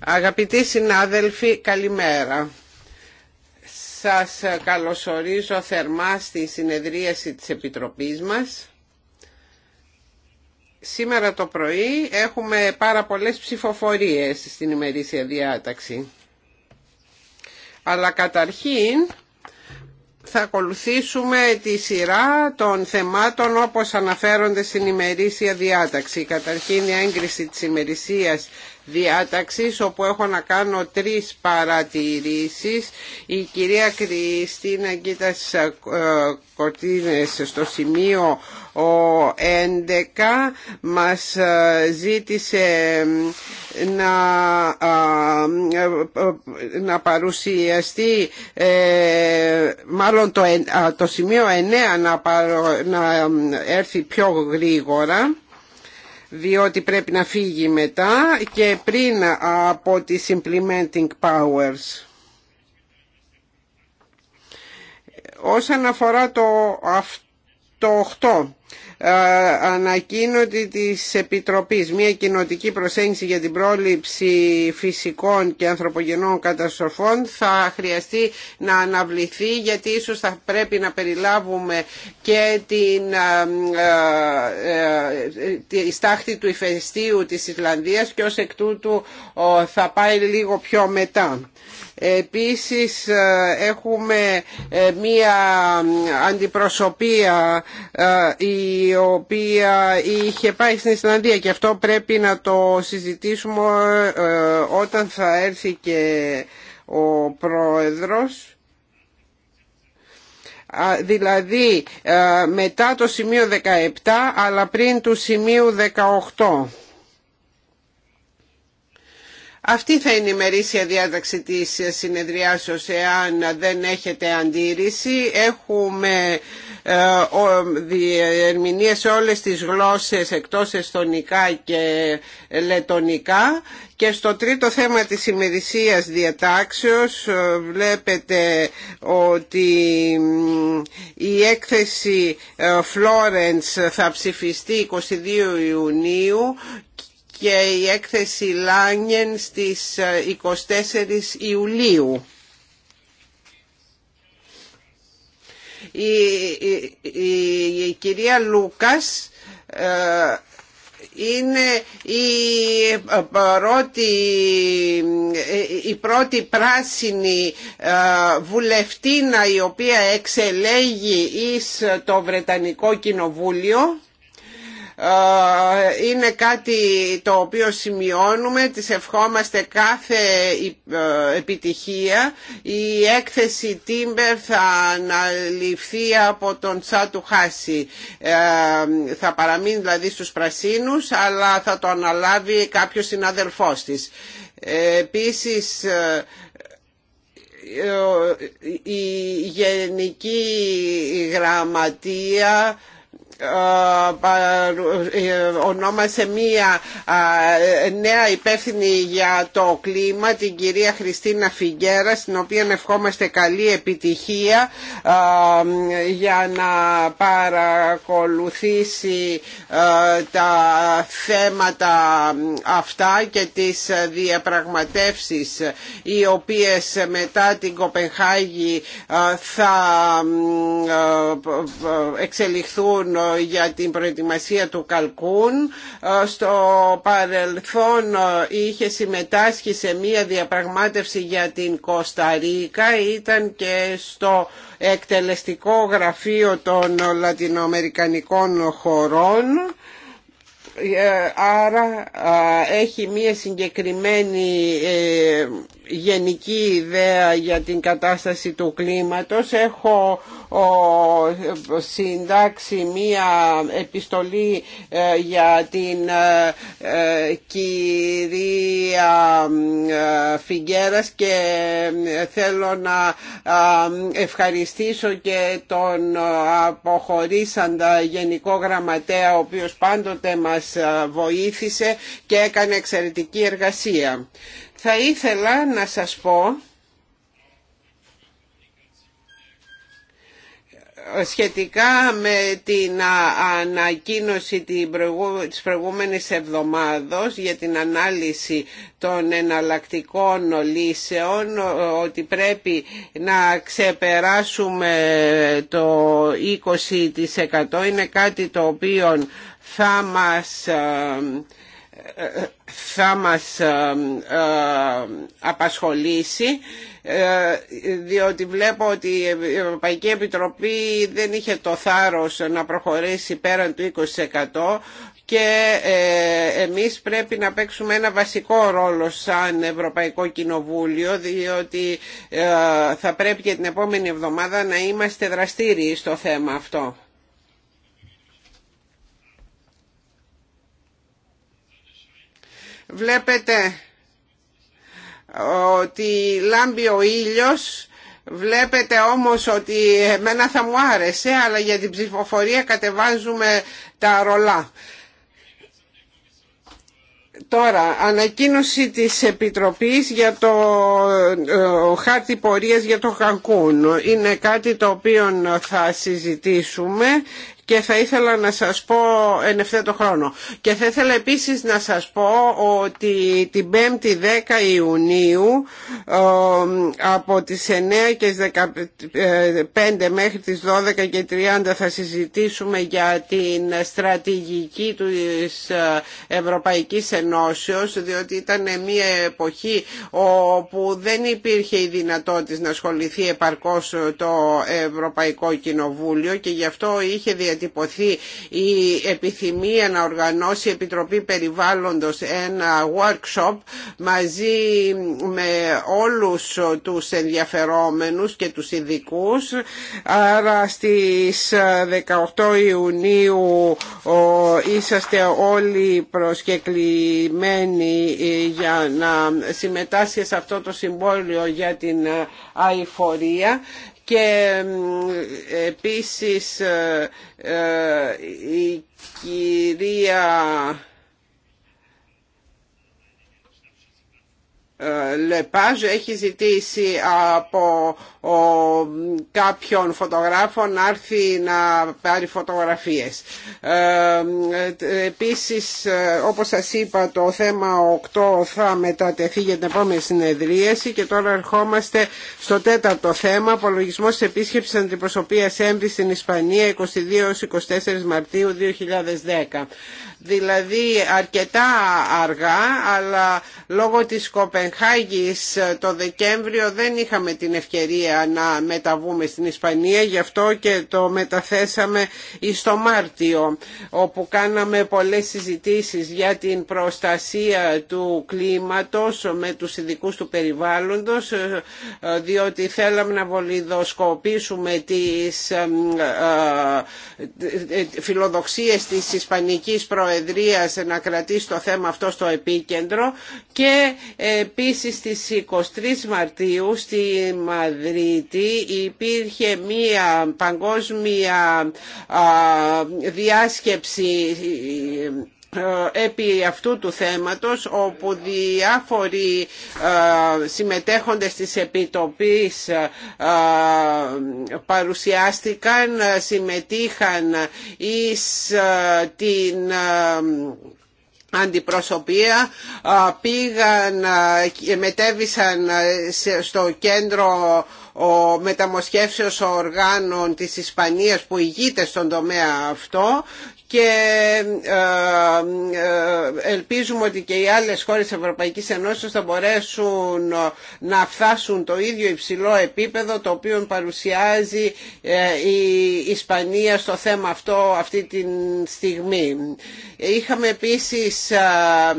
Αγαπητοί συνάδελφοι, καλημέρα. Σας καλωσορίζω θερμά στη συνεδρίαση της Επιτροπής μας. Σήμερα το πρωί έχουμε πάρα πολλές ψηφοφορίες στην ημερήσια διάταξη. Αλλά καταρχήν θα ακολουθήσουμε τη σειρά των θεμάτων όπως αναφέρονται στην ημερήσια διάταξη. Καταρχήν η έγκριση της ημερησίας διάταξης όπου έχω να κάνω τρεις παρατηρήσεις. Η κυρία Κριστίνα ε, Κορτίνες στο σημείο ο 11 μας ζήτησε να, να παρουσιαστεί ε, μάλλον το, το σημείο 9 να, να ε, έρθει πιο γρήγορα διότι πρέπει να φύγει μετά και πριν από τις implementing powers. Όσον αφορά το αυτό 8 ε, ανακοίνωτη της Επιτροπής μια κοινοτική προσέγγιση για την πρόληψη φυσικών και ανθρωπογενών καταστροφών θα χρειαστεί να αναβληθεί γιατί ίσως θα πρέπει να περιλάβουμε και την ε, ε, τη στάχτη του ηφαιστείου της Ισλανδίας και ως εκ τούτου θα πάει λίγο πιο μετά. Επίσης ε, έχουμε ε, μία αντιπροσωπεία ε, η οποία είχε πάει στην Ισλανδία και αυτό πρέπει να το συζητήσουμε όταν θα έρθει και ο πρόεδρος δηλαδή μετά το σημείο 17 αλλά πριν του σημείου 18 αυτή θα είναι η μερίσια διάταξη της συνεδριάσεως εάν δεν έχετε αντίρρηση. Έχουμε ε, ερμηνεία σε όλες τις γλώσσες εκτός εστονικά και λετονικά και στο τρίτο θέμα της ημερησίας διατάξεως ε, βλέπετε ότι ε, η έκθεση Florence θα ψηφιστεί 22 Ιουνίου και η έκθεση Λάγγεν στις 24 ε, Ιουλίου. Η, κυρία Λούκας ε, είναι η ε, πρώτη, η πρώτη πράσινη βουλευτήνα η οποία εξελέγει εις το Βρετανικό Κοινοβούλιο ε, είναι κάτι το οποίο σημειώνουμε, τις ευχόμαστε κάθε ε, επιτυχία. Η έκθεση Τίμπερ θα αναλυφθεί από τον Τσάτου Χάση. Ε, θα παραμείνει δηλαδή στους πρασίνους, αλλά θα το αναλάβει κάποιος συναδελφός της. Επίσης, η Γενική Γραμματεία ε, ε, ονόμασε μία νέα υπεύθυνη για το κλίμα την κυρία Χριστίνα Φιγκέρα στην οποία ευχόμαστε καλή επιτυχία για να παρακολουθήσει τα θέματα αυτά και τις διαπραγματεύσεις οι οποίες μετά την Κοπενχάγη θα εξελιχθούν για την προετοιμασία του Καλκούν. Ε, στο παρελθόν ε, είχε συμμετάσχει σε μία διαπραγμάτευση για την Κοσταρίκα. Ήταν και στο εκτελεστικό γραφείο των λατινοαμερικανικών χωρών ε, άρα έχει μία συγκεκριμένη γενική ιδέα για την κατάσταση του κλίματος. Έχω συντάξει μία επιστολή ε, για την ε, ε, κυρία Φιγκέρας και θέλω να ευχαριστήσω και τον αποχωρήσαντα γενικό γραμματέα ο οποίος πάντοτε μας βοήθησε και έκανε εξαιρετική εργασία. Θα ήθελα να σας πω σχετικά με την ανακοίνωση της προηγούμενης εβδομάδος για την ανάλυση των εναλλακτικών λύσεων ότι πρέπει να ξεπεράσουμε το 20% είναι κάτι το οποίο θα μας θα μας ε, ε, απασχολήσει ε, διότι βλέπω ότι η Ευρωπαϊκή Επιτροπή δεν είχε το θάρρος να προχωρήσει πέραν του 20% και εμείς πρέπει να παίξουμε ένα βασικό ρόλο σαν Ευρωπαϊκό Κοινοβούλιο διότι θα πρέπει και την επόμενη εβδομάδα να είμαστε δραστήριοι στο θέμα αυτό. βλέπετε ότι λάμπει ο ήλιος Βλέπετε όμως ότι εμένα θα μου άρεσε, αλλά για την ψηφοφορία κατεβάζουμε τα ρολά. Τώρα, ανακοίνωση της Επιτροπής για το ε, χάρτη πορείας για το χακούν. Είναι κάτι το οποίο θα συζητήσουμε και θα ήθελα να σας πω εν ευθέτω χρόνο. Και θα ήθελα επίσης να σας πω ότι την 5η 10 Ιουνίου από τις 9 και 15 ε, μέχρι τις 12 και 30 θα συζητήσουμε για την στρατηγική της ε, Ευρωπαϊκής Ενώσεως διότι ήταν μια εποχή όπου δεν υπήρχε η δυνατότητα να ασχοληθεί επαρκώς το Ευρωπαϊκό Κοινοβούλιο και γι' αυτό είχε διατυπωθεί η επιθυμία να οργανώσει η Επιτροπή Περιβάλλοντος ένα workshop μαζί με όλους τους ενδιαφερόμενους και τους ειδικούς. Άρα στις 18 Ιουνίου είσαστε όλοι προσκεκλημένοι ε, για να συμμετάσχει σε αυτό το συμπόλιο για την ε, αηφορία και ε, επίσης ε, ε, η κυρία Λεπάζ έχει ζητήσει από κάποιον φωτογράφο να έρθει να πάρει φωτογραφίες. Ε, επίσης, ε, όπως σας είπα, το θέμα 8 θα μετατεθεί για την επόμενη συνεδρίαση και τώρα ερχόμαστε στο τέταρτο θέμα, απολογισμό της επίσκεψης αντιπροσωπείας ΕΜΒΗ στην Ισπανία 22-24 Μαρτίου 2010 δηλαδή αρκετά αργά αλλά λόγω της Κοπενχάγης το Δεκέμβριο δεν είχαμε την ευκαιρία να μεταβούμε στην Ισπανία γι' αυτό και το μεταθέσαμε στο Μάρτιο όπου κάναμε πολλές συζητήσεις για την προστασία του κλίματος με τους ειδικούς του περιβάλλοντος ε, διότι θέλαμε να βολιδοσκοπήσουμε τις ε, ε, φιλοδοξίες της Ισπανικής Προεδρίας Προεδρίας να κρατήσει το θέμα αυτό στο επίκεντρο και επίσης στις 23 Μαρτίου στη Μαδρίτη υπήρχε μία παγκόσμια διάσκεψη ε, επί αυτού του θέματος όπου διάφοροι ε, συμμετέχοντες της επιτοπής ε, παρουσιάστηκαν, συμμετείχαν εις την αντιπροσωπεία πήγαν μετέβησαν στο κέντρο ο μεταμοσχεύσεως οργάνων της Ισπανίας που ηγείται στον τομέα αυτό και ε, ε, ελπίζουμε ότι και οι άλλες χώρες της Ευρωπαϊκής Ενώσης θα μπορέσουν ε, να φτάσουν το ίδιο υψηλό επίπεδο το οποίο παρουσιάζει η Ισπανία στο θέμα αυτό αυτή τη στιγμή. Είχαμε επίσης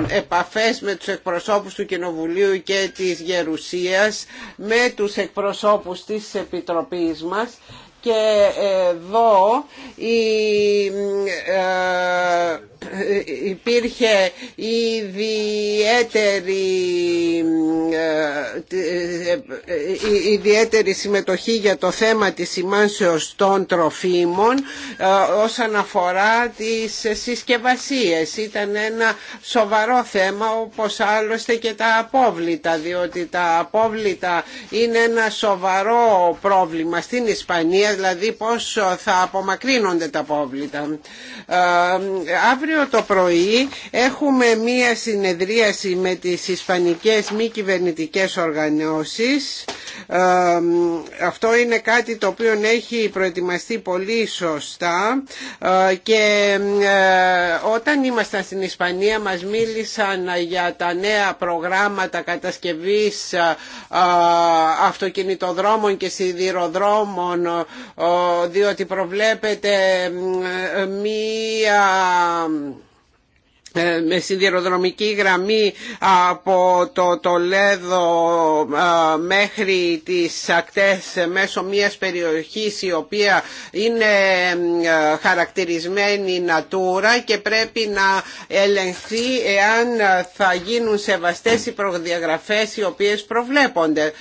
επαφές με τους εκπροσώπους του Κοινοβουλίου και της Γερουσίας με τους εκπροσώπους της Επιτροπής μας και εδώ η, ε, υπήρχε ιδιαίτερη, ε, ιδιαίτερη συμμετοχή για το θέμα της σημάνσεως των τροφίμων ε, όσον αφορά τις συσκευασίες. Ήταν ένα σοβαρό θέμα όπως άλλωστε και τα απόβλητα διότι τα απόβλητα είναι ένα σοβαρό πρόβλημα στην Ισπανία δηλαδή πώς θα απομακρύνονται τα πόβλητα. Ε, αύριο το πρωί έχουμε μία συνεδρίαση με τις ισπανικές μη κυβερνητικέ οργανώσεις. Ε, αυτό είναι κάτι το οποίο έχει προετοιμαστεί πολύ σωστά ε, και όταν ήμασταν στην Ισπανία μας μίλησαν για τα νέα προγράμματα κατασκευής αυτοκινητοδρόμων και σιδηροδρόμων διότι προβλέπεται ε, μία ε, με σιδηροδρομική γραμμή από το Λέδο ε, μέχρι τις ακτές μέσω μιας περιοχής η οποία είναι ε, χαρακτηρισμένη Νατούρα και πρέπει να ελεγχθεί εάν θα γίνουν σεβαστές οι προδιαγραφές οι οποίες προβλέπονται.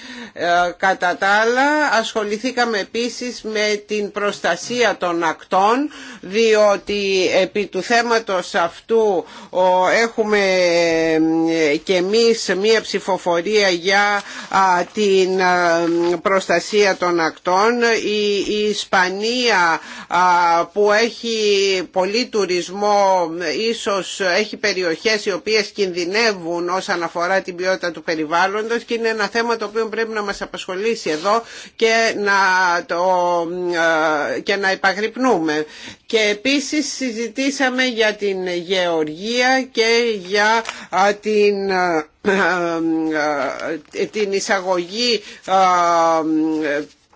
Κατά τα άλλα ασχοληθήκαμε επίσης με την προστασία των ακτών διότι επί του θέματος αυτού έχουμε ε, και εμείς μία ψηφοφορία για την προστασία των ακτών. Η Ισπανία που έχει πολύ τουρισμό ίσως έχει περιοχές οι οποίες κινδυνεύουν όσον αφορά την ποιότητα του περιβάλλοντος και είναι ένα θέμα το οποίο πρέπει να μας απασχολήσει εδώ και να, το, και να υπαγρυπνούμε. Και επίσης συζητήσαμε για την γεωργία και για την την εισαγωγή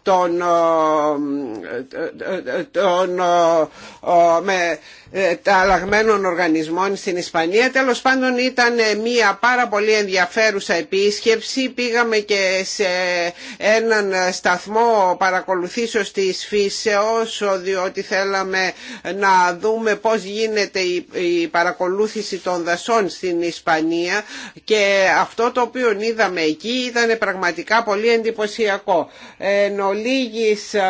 των, τον ε, ε, ε, με, τα αλλαγμένων οργανισμών στην Ισπανία. Τέλος πάντων ήταν μια πάρα πολύ ενδιαφέρουσα επίσκεψη. Πήγαμε και σε έναν σταθμό παρακολουθήσεως της φύσεως διότι θέλαμε να δούμε πώς γίνεται η παρακολούθηση των δασών στην Ισπανία και αυτό το οποίο είδαμε εκεί ήταν πραγματικά πολύ εντυπωσιακό ολίγης ε,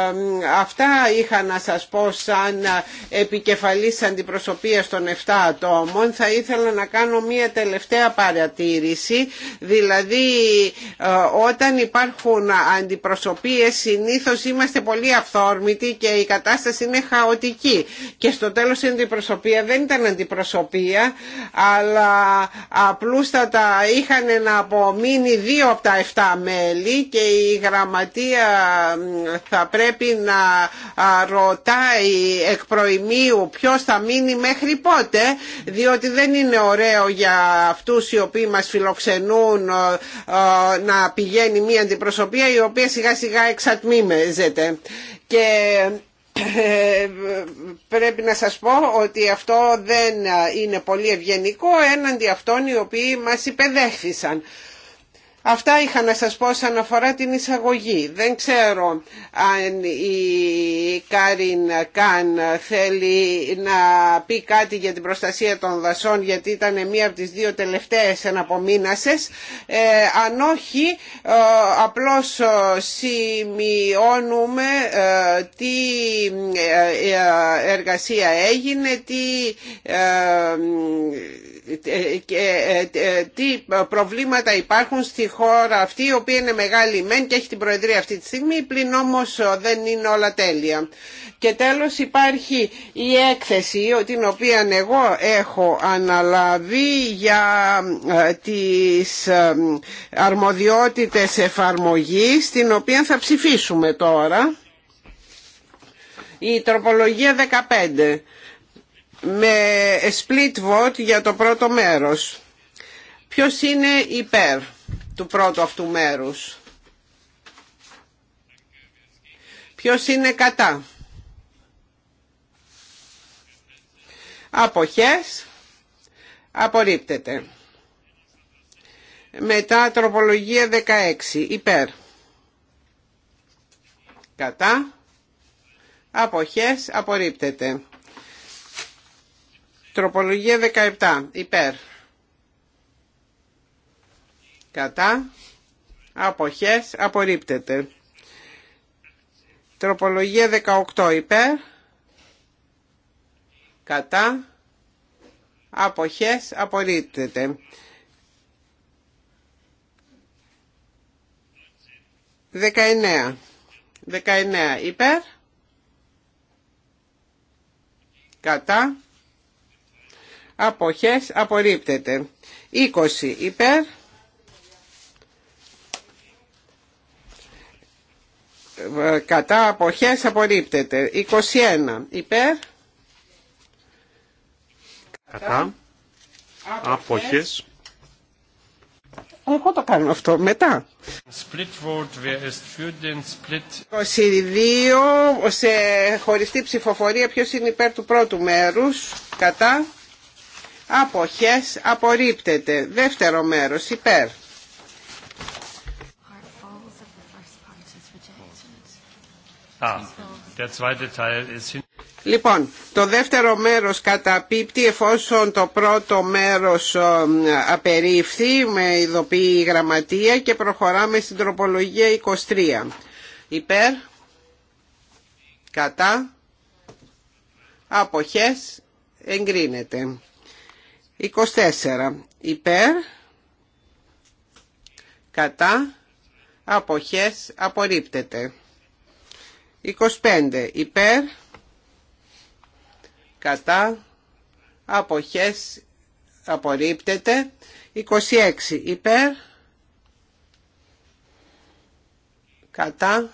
αυτά είχα να σας πω σαν ε, επικεφαλής αντιπροσωπείας των 7 ατόμων θα ήθελα να κάνω μία τελευταία παρατήρηση δηλαδή ε, όταν υπάρχουν αντιπροσωπείες συνήθως είμαστε πολύ αυθόρμητοι και η κατάσταση είναι χαοτική και στο τέλος η αντιπροσωπεία δεν ήταν αντιπροσωπεία αλλά απλούστατα είχαν να απομείνει δύο από τα 7 μέλη και η γραμματεία θα πρέπει να ρωτάει εκ προημίου ποιος θα μείνει μέχρι πότε διότι δεν είναι ωραίο για αυτούς οι οποίοι μας φιλοξενούν να πηγαίνει μια αντιπροσωπεία η οποία σιγά σιγά εξατμίμεζεται και ε, πρέπει να σας πω ότι αυτό δεν είναι πολύ ευγενικό έναντι αυτών οι οποίοι μας υπεδέχθησαν. Αυτά είχα να σας πω σαν αφορά την εισαγωγή. Δεν ξέρω αν η Κάριν Καν θέλει να πει κάτι για την προστασία των δασών γιατί ήταν μία από τις δύο τελευταίες εναπομείνασες. Ε, αν όχι, ε, απλώς ε, σημειώνουμε τι εργασία έγινε, τι ε, ε, ε, τι προβλήματα υπάρχουν στη χώρα αυτή η οποία είναι μεγάλη μεν και έχει την προεδρία αυτή τη στιγμή πλην όμως δεν είναι όλα τέλεια και τέλος υπάρχει η έκθεση την οποία εγώ έχω αναλαβεί για τις αρμοδιότητες εφαρμογής την οποία θα ψηφίσουμε τώρα η τροπολογία 15 με split vote για το πρώτο μέρος. Ποιος είναι υπέρ του πρώτου αυτού μέρους. Ποιος είναι κατά. Αποχές. Απορρίπτεται. Μετά τροπολογία 16. Υπέρ. Κατά. Αποχές. Απορρίπτεται. Τροπολογία 17. Υπέρ. Κατά. Αποχές. Απορρίπτεται. Τροπολογία 18. Υπέρ. Κατά. Αποχές. Απορρίπτεται. 19. 19. Υπέρ. Κατά αποχές απορρίπτεται. 20 υπέρ ε, κατά αποχές απορρίπτεται. 21 υπέρ κατά αποχές εγώ το κάνω αυτό μετά. Split vote, ist für den split. 22 σε χωριστή ψηφοφορία ποιος είναι υπέρ του πρώτου μέρους κατά αποχές απορρίπτεται. Δεύτερο μέρος υπέρ. Λοιπόν, το δεύτερο μέρος καταπίπτει εφόσον το πρώτο μέρος απερίφθη με ειδοποιή γραμματεία και προχωράμε στην τροπολογία 23. Υπέρ, κατά, αποχές, εγκρίνεται. 24 υπέρ κατά αποχές απορρίπτεται 25 υπέρ κατά αποχές απορρίπτεται 26 υπέρ κατά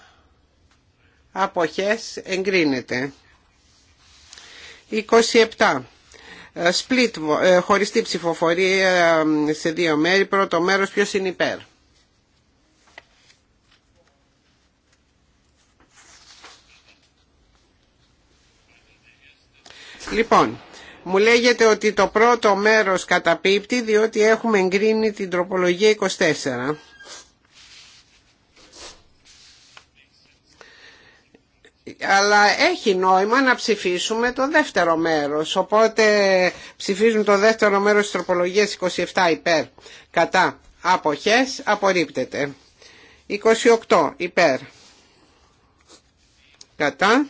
αποχές εγκρίνεται 27 ε, split, ε, χωριστή ψηφοφορία ε, σε δύο μέρη. Πρώτο μέρος ποιος είναι υπέρ. Λοιπόν, μου λέγεται ότι το πρώτο μέρος καταπίπτει διότι έχουμε εγκρίνει την τροπολογία 24. αλλά έχει νόημα να ψηφίσουμε το δεύτερο μέρος. Οπότε ψηφίζουμε το δεύτερο μέρος της τροπολογίας 27 υπέρ. Κατά αποχές απορρίπτεται. 28 υπέρ. Κατά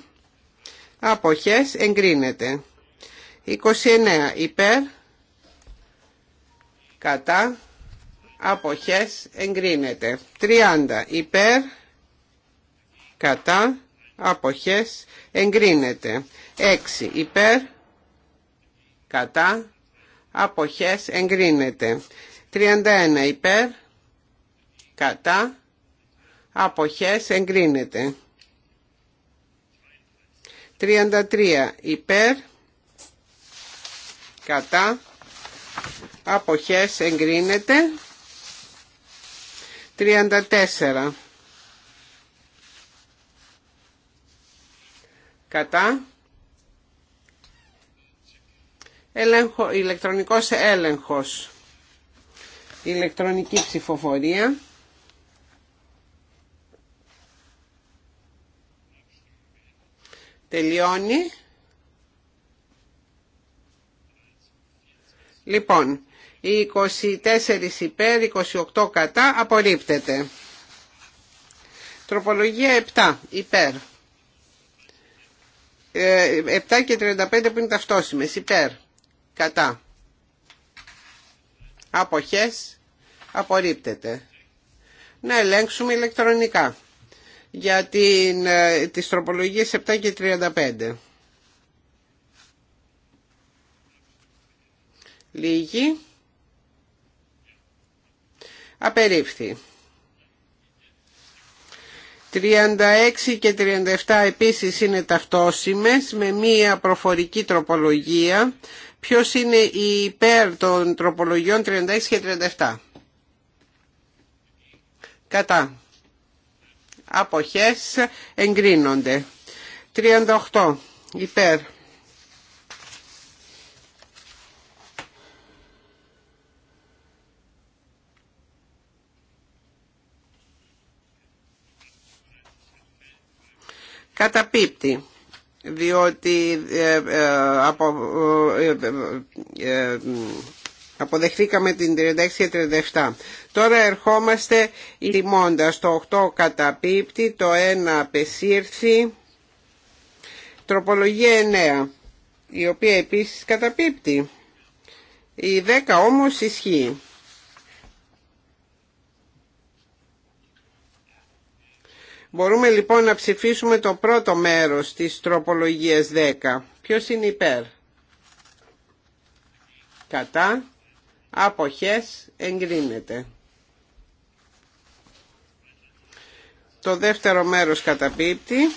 αποχές εγκρίνεται. 29 υπέρ. Κατά αποχές εγκρίνεται. 30 υπέρ. Κατά αποχές εγκρίνεται 6 υπέρ κατά αποχές εγκρίνεται 31 υπέρ κατά αποχές εγκρίνεται 33 υπέρ κατά αποχές εγκρίνεται 34 κατά Έλεγχο, ηλεκτρονικός έλεγχος ηλεκτρονική ψηφοφορία τελειώνει λοιπόν 24 υπέρ 28 κατά απορρίπτεται τροπολογία 7 υπέρ 7 ε, και 35 που είναι ταυτόσημες, υπέρ κατά αποχές απορρίπτεται να ελέγξουμε ηλεκτρονικά για την, ε, τις τροπολογίες 7 και 35 λίγη απερίφθη 36 και 37 επίσης είναι ταυτόσιμες με μία προφορική τροπολογία. Ποιος είναι η υπέρ των τροπολογιών 36 και 37. Κατά. Αποχές εγκρίνονται. 38 υπέρ. καταπίπτει διότι ε, ε, απο, ε, αποδεχθήκαμε την 36 και 37. Τώρα ερχόμαστε λιμώντας το 8 καταπίπτει, το 1 απεσύρθη, τροπολογία 9, η οποία επίσης καταπίπτει. Η 10 όμως ισχύει. Μπορούμε λοιπόν να ψηφίσουμε το πρώτο μέρος της τροπολογίας 10. Ποιος είναι υπέρ. Κατά. Αποχές εγκρίνεται. Το δεύτερο μέρος καταπίπτει.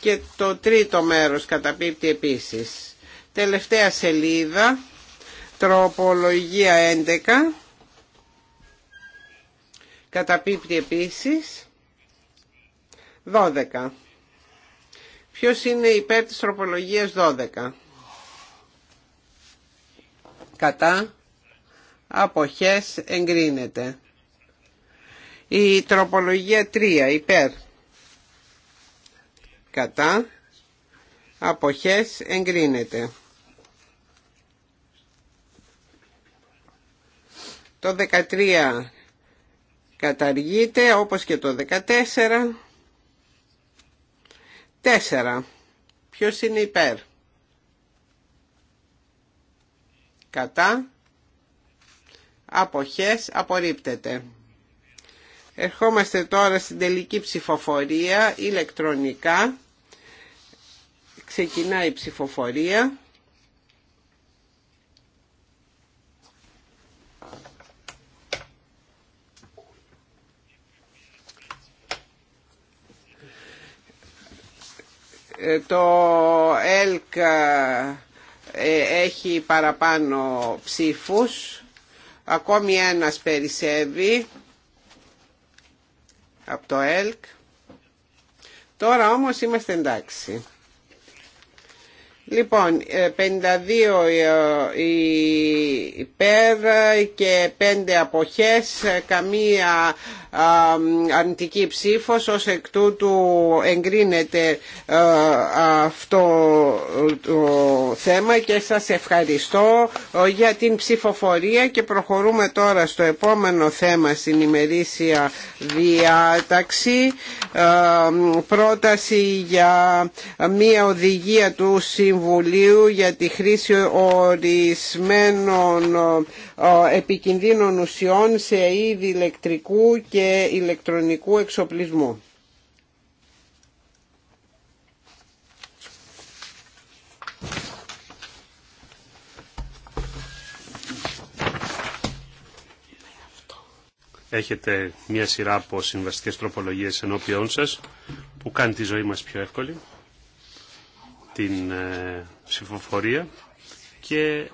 Και το τρίτο μέρος καταπίπτει επίσης. Τελευταία σελίδα. Τροπολογία 11. Καταπίπτει επίσης. 12. Ποιος είναι υπέρ της τροπολογίας 12. Κατά. Αποχές εγκρίνεται. Η τροπολογία 3 υπέρ. Κατά. Αποχές εγκρίνεται. Το 13 καταργείται όπως και το 14. 4. Ποιος είναι υπέρ. Κατά. Αποχές απορρίπτεται. Ερχόμαστε τώρα στην τελική ψηφοφορία ηλεκτρονικά. Ξεκινάει η ψηφοφορία. Το ΕΛΚ ε, έχει παραπάνω ψήφους. Ακόμη ένας περισσεύει από το ΕΛΚ. Τώρα όμως είμαστε εντάξει. Λοιπόν, 52 ε, ε, υπέρ και 5 αποχές, καμία αρνητική ψήφος ως εκ τούτου εγκρίνεται ε, αυτό το θέμα και σας ευχαριστώ ε, για την ψηφοφορία και προχωρούμε τώρα στο επόμενο θέμα στην ημερήσια διάταξη ε, πρόταση για μια οδηγία του Συμβουλίου για τη χρήση ορισμένων επικινδύνων ουσιών σε είδη ηλεκτρικού και ηλεκτρονικού εξοπλισμού. Έχετε μια σειρά από συμβαστικές τροπολογίες ενώπιόν σας που κάνει τη ζωή μας πιο εύκολη, την ε, ψηφοφορία και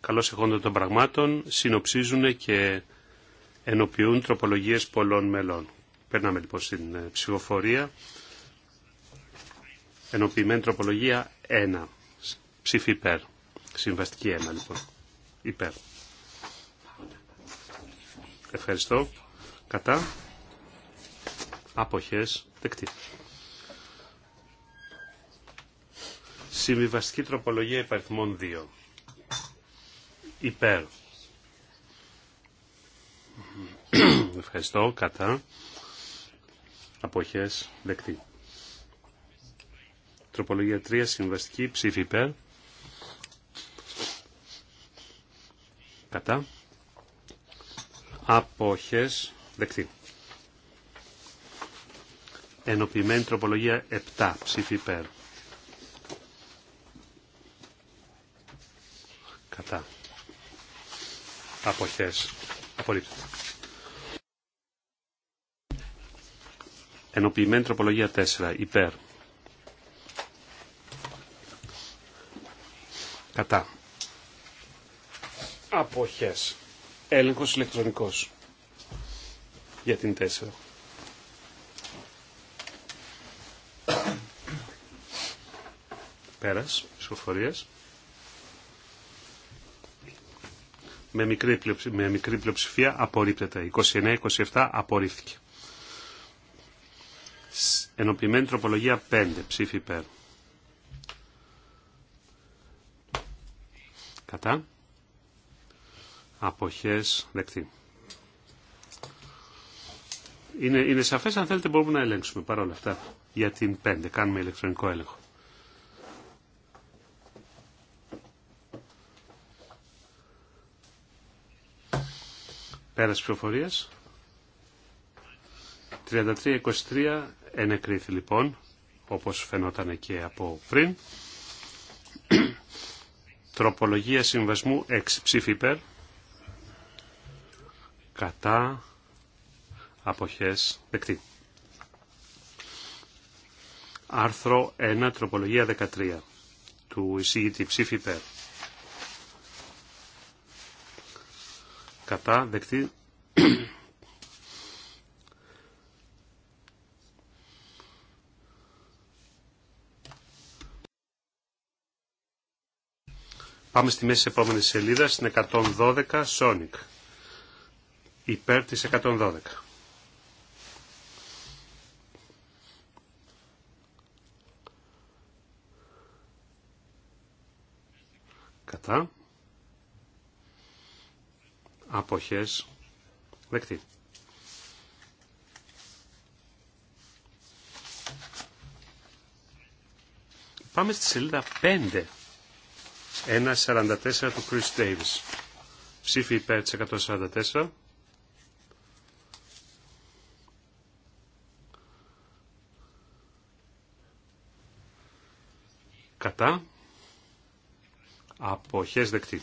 καλώς εχόντων των πραγμάτων συνοψίζουν και ενοποιούν τροπολογίες πολλών μελών. Περνάμε λοιπόν στην ε, ψηφοφορία. Ενοποιημένη τροπολογία 1. Ψήφι υπέρ. Συμβαστική 1 λοιπόν. Υπέρ. Ευχαριστώ. Κατά. Αποχές. Δεκτή. Συμβιβαστική τροπολογία υπαριθμών 2. Υπέρ. Ευχαριστώ. Κατά. Αποχές. Δεκτή. Τροπολογία 3. Συμβαστική. Ψήφι υπέρ. Κατά. Αποχές. Δεκτή. Ενοποιημένη τροπολογία 7. Ψήφι υπέρ. Κατά. Αποχές. Απορρίπτεται. Ενοποιημένη τροπολογία 4. Υπέρ. Κατά. Αποχές. Έλεγχος ηλεκτρονικός. Για την 4. Πέρας. Ψηφοφορίας. με μικρή, με μικρή πλειοψηφία απορρίπτεται. 29-27 απορρίφθηκε. Ενοποιημένη τροπολογία 5 ψήφι υπέρ. Κατά. Αποχές δεκτή. Είναι, είναι σαφές αν θέλετε μπορούμε να ελέγξουμε παρόλα αυτά για την 5. Κάνουμε ηλεκτρονικό έλεγχο. Πέρας ψηφοφορίας. 33-23 ενεκρίθη λοιπόν, όπως φαινόταν και από πριν. Τροπολογία συμβασμού 6 ψήφι υπέρ. Κατά αποχές δεκτή. Άρθρο 1, τροπολογία 13 του εισηγητή ψήφι υπέρ κατά δεκτή Πάμε στη μέση της επόμενης σελίδας, στην 112, Sonic. Υπέρ της 112. Κατά αποχές δεκτή. Πάμε στη σελίδα 5. 1.44 του Chris Davis. Ψήφι υπέρ της 144. Κατά. Αποχές δεκτή.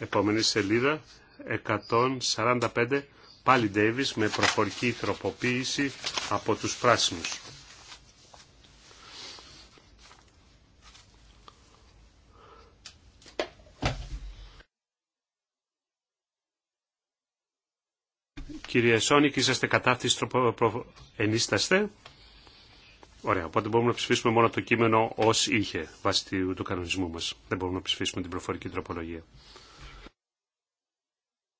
Επόμενη σελίδα, 145, πάλι Davis με προφορική τροποποίηση από τους πράσινους. Κύριε Σόνικ, είσαστε κατά ενίσταστε. Ωραία, οπότε μπορούμε να ψηφίσουμε μόνο το κείμενο ως είχε, βάσει του κανονισμού μας. Δεν μπορούμε να ψηφίσουμε την προφορική τροπολογία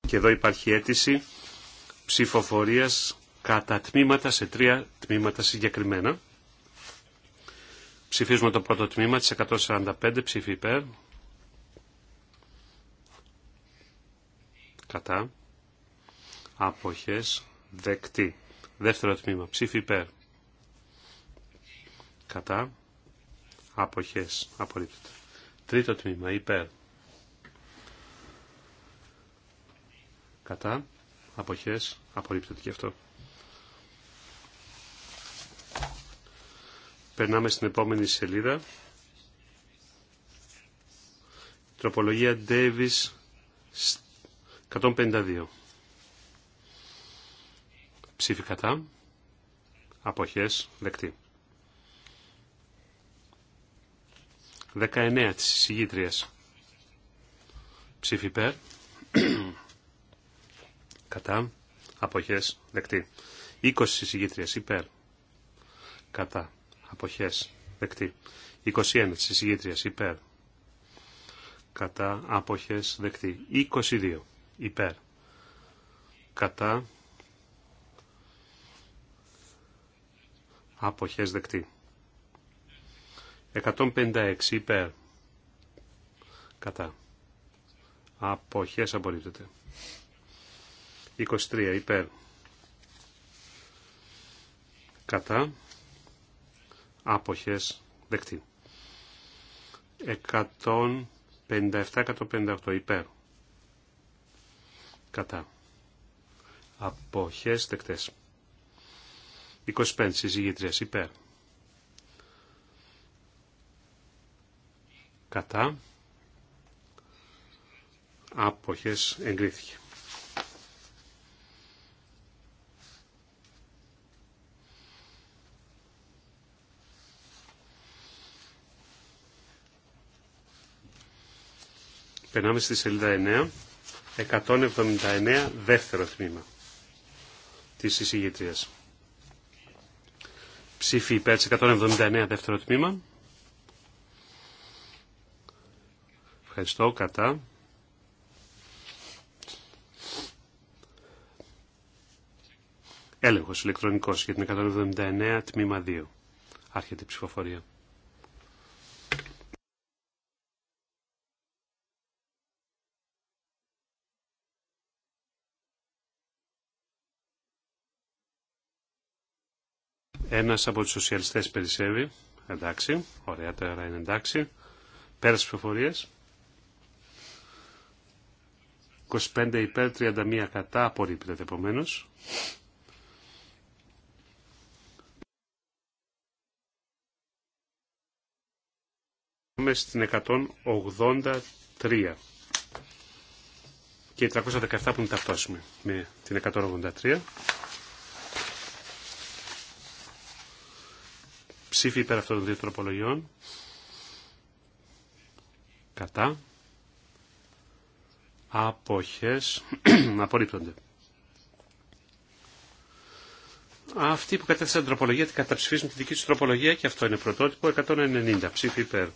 και εδώ υπάρχει αίτηση ψηφοφορίας κατά τμήματα σε τρία τμήματα συγκεκριμένα. Ψηφίζουμε το πρώτο τμήμα της 145 ψήφι υπέρ. Κατά. Αποχές δεκτή. Δεύτερο τμήμα ψήφι υπέρ. Κατά. Αποχές απορρίπτεται. Τρίτο τμήμα υπέρ. κατά αποχές απορρίπτεται και αυτό. Περνάμε στην επόμενη σελίδα. Τροπολογία Davis 152. Ψήφι κατά. Αποχές δεκτή. 19 της συγγήτριας. Ψήφι υπέρ κατά, αποχές, δεκτή. 20 συζυγήτριας υπέρ, κατά, αποχές, δεκτή. 21 συζυγήτριας υπέρ, κατά, αποχές, δεκτή. 22 υπέρ, κατά, αποχές, δεκτή. 156 υπέρ, κατά. Αποχές απορρίπτεται. 23 υπέρ κατά άποχες δεκτή. 157-158 υπέρ κατά αποχές δεκτές. 25 συζυγήτριες υπέρ κατά άποχες εγκρίθηκε. Περνάμε στη σελίδα 9. 179 δεύτερο τμήμα της εισηγητρίας. Ψήφι υπέρ της 179 δεύτερο τμήμα. Ευχαριστώ. Κατά. Έλεγχος ηλεκτρονικός για την 179 τμήμα 2. Άρχεται η ψηφοφορία. Ένας από τους σοσιαλιστές περισσεύει. Εντάξει, ωραία τώρα είναι εντάξει. Πέρασε ψηφοφορίες. 25 υπέρ, 31 κατά, απορρίπτεται επομένω. Πάμε στην 183 και 317 που είναι με την 183. ψήφι υπέρ αυτών των δύο τροπολογιών. Κατά. Αποχές. Απορρίπτονται. Αυτοί που κατέθεσαν την τροπολογία την καταψηφίζουν τη δική του τροπολογία και αυτό είναι πρωτότυπο 190 ψήφι υπέρ.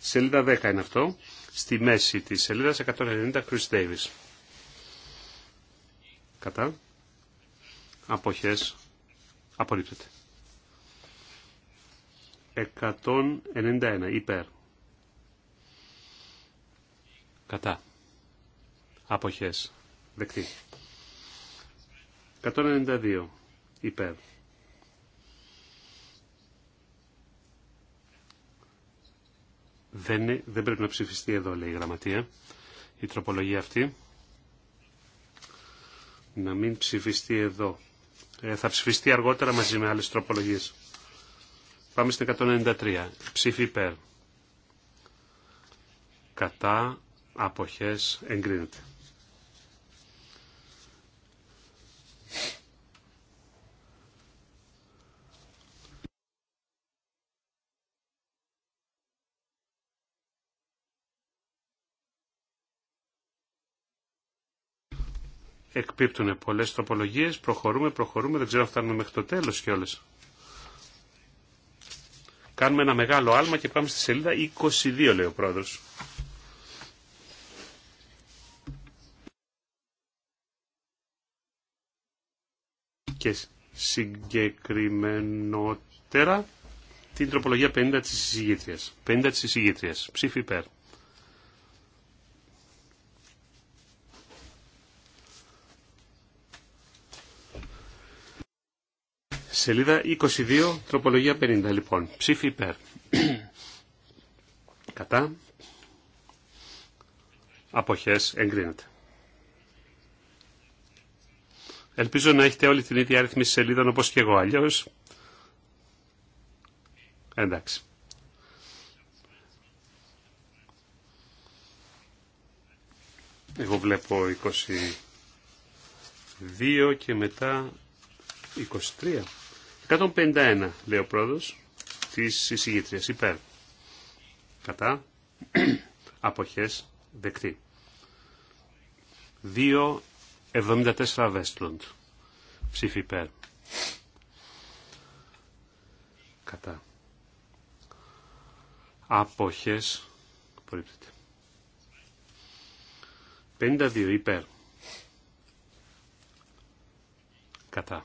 Σελίδα 10 είναι αυτό. Στη μέση της σελίδας 190 Chris Davis κατά αποχές απορρίπτεται. 191 υπέρ κατά αποχές δεκτή. 192 υπέρ δεν, δεν πρέπει να ψηφιστεί εδώ λέει η γραμματεία η τροπολογία αυτή να μην ψηφιστεί εδώ. Ε, θα ψηφιστεί αργότερα μαζί με άλλες τροπολογίες. Πάμε στην 193. Ψήφι υπέρ. Κατά αποχές εγκρίνεται. εκπίπτουν πολλές τροπολογίες, προχωρούμε, προχωρούμε, δεν ξέρω αν φτάνουμε μέχρι το τέλος κιόλας. Κάνουμε ένα μεγάλο άλμα και πάμε στη σελίδα 22, λέει ο πρόεδρος. Και συγκεκριμένοτερα την τροπολογία 50 της εισηγήτριας. 50 της εισηγήτριας. Ψήφι υπέρ. Σελίδα 22, τροπολογία 50 λοιπόν. Ψήφι υπέρ. Κατά. Αποχές εγκρίνεται. Ελπίζω να έχετε όλη την ίδια αριθμή σελίδα όπως και εγώ. Αλλιώς... Εντάξει. Εγώ βλέπω 22 και μετά 23. 151 λέει ο πρόεδρο τη εισηγήτριας υπέρ. Κατά απόχέ δεκτή. 2.74 Βέστλοντ. Ψήφι υπέρ. Κατά. Αποχέ Απορρίπτεται. 52 υπέρ. Κατά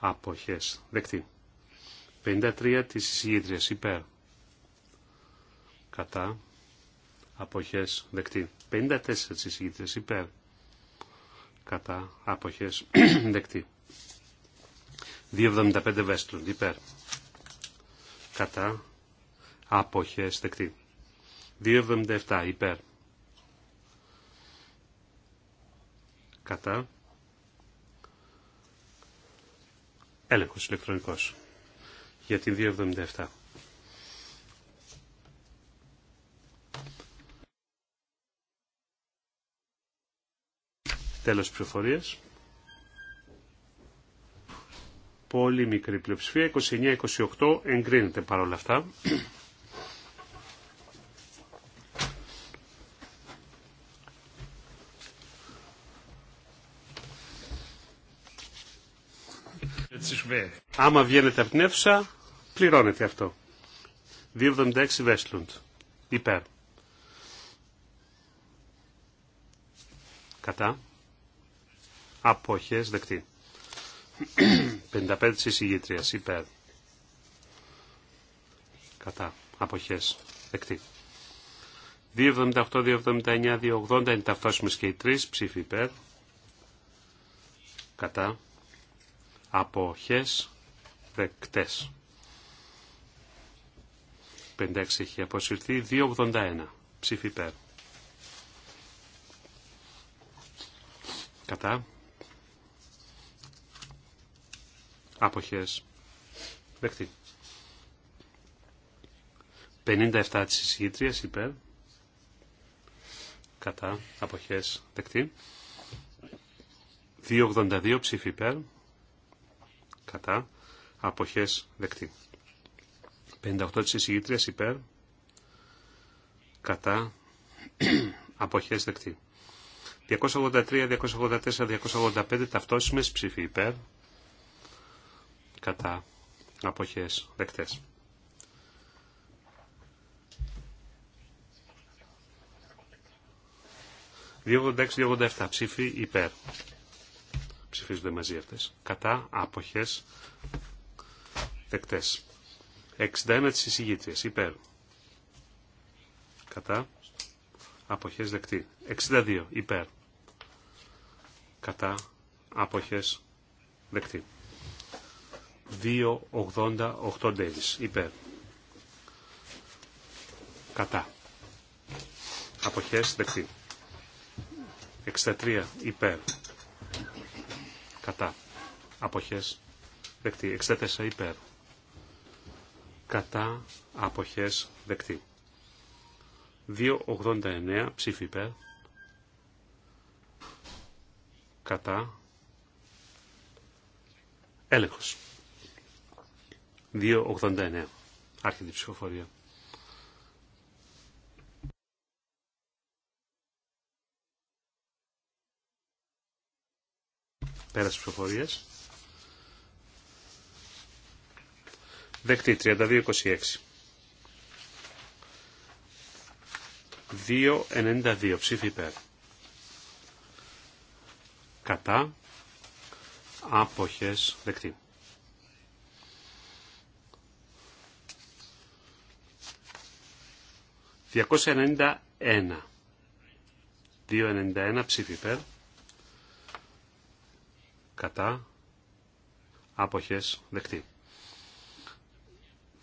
αποχές δεκτή. 53 της εισηγήτριας υπέρ κατά αποχές δεκτή. 54 της εισηγήτριας υπέρ κατά αποχές δεκτή. 2.75 βέστρον. υπέρ κατά αποχές δεκτή. 2.77 υπέρ κατά Έλεγχος ηλεκτρονικός για την 277. Τέλος πληροφορίας. Πολύ μικρή πλειοψηφία, 29-28 εγκρίνεται παρόλα αυτά. Άμα βγαίνετε από την αίθουσα, πληρώνετε αυτό. 2,76 Βέσλουντ. Υπέρ. Κατά. Αποχές δεκτή. 55 της εισηγήτριας. Υπέρ. Κατά. Αποχές δεκτή. 2,78, 2,79, 2,80 είναι ταυτόσιμες και οι τρεις. Ψήφι υπέρ. Κατά. Αποχές δεκτές. 56 έχει αποσυρθεί. 281 ψήφι υπέρ. Κατά. Αποχές. Δεκτή. 57 της εισηγήτριας υπέρ. Κατά. Αποχές. Δεκτή. 282 ψήφι υπέρ. Κατά αποχές δεκτή. 58 τη εισηγήτριας υπέρ, κατά, αποχές δεκτή. 283, 284, 285 ταυτόσιμες ψήφοι υπέρ, κατά, αποχές δεκτές. 286-287 ψήφοι υπέρ. Ψηφίζονται μαζί αυτές. Κατά, άποχες, δεκτές. 61 τη υπέρ. Κατά. Αποχές δεκτή. 62, υπέρ. Κατά. Αποχές δεκτή. 2.88 Ντέβις, υπέρ. Κατά. Αποχές δεκτή. 63 υπέρ. Κατά. Αποχές δεκτή. 64 υπέρ κατά αποχές δεκτή. 2.89 ψήφι υπέρ κατά έλεγχος. 2.89 Άρχιντη ψηφοφορία. Πέρασε ψηφοφορίας. Δεκτή 32-26. 2,92 υπέρ. Κατά. Αποχές δεκτή. Διακόσια 291 ψήφι υπέρ, κατά, άποχες, δεκτή.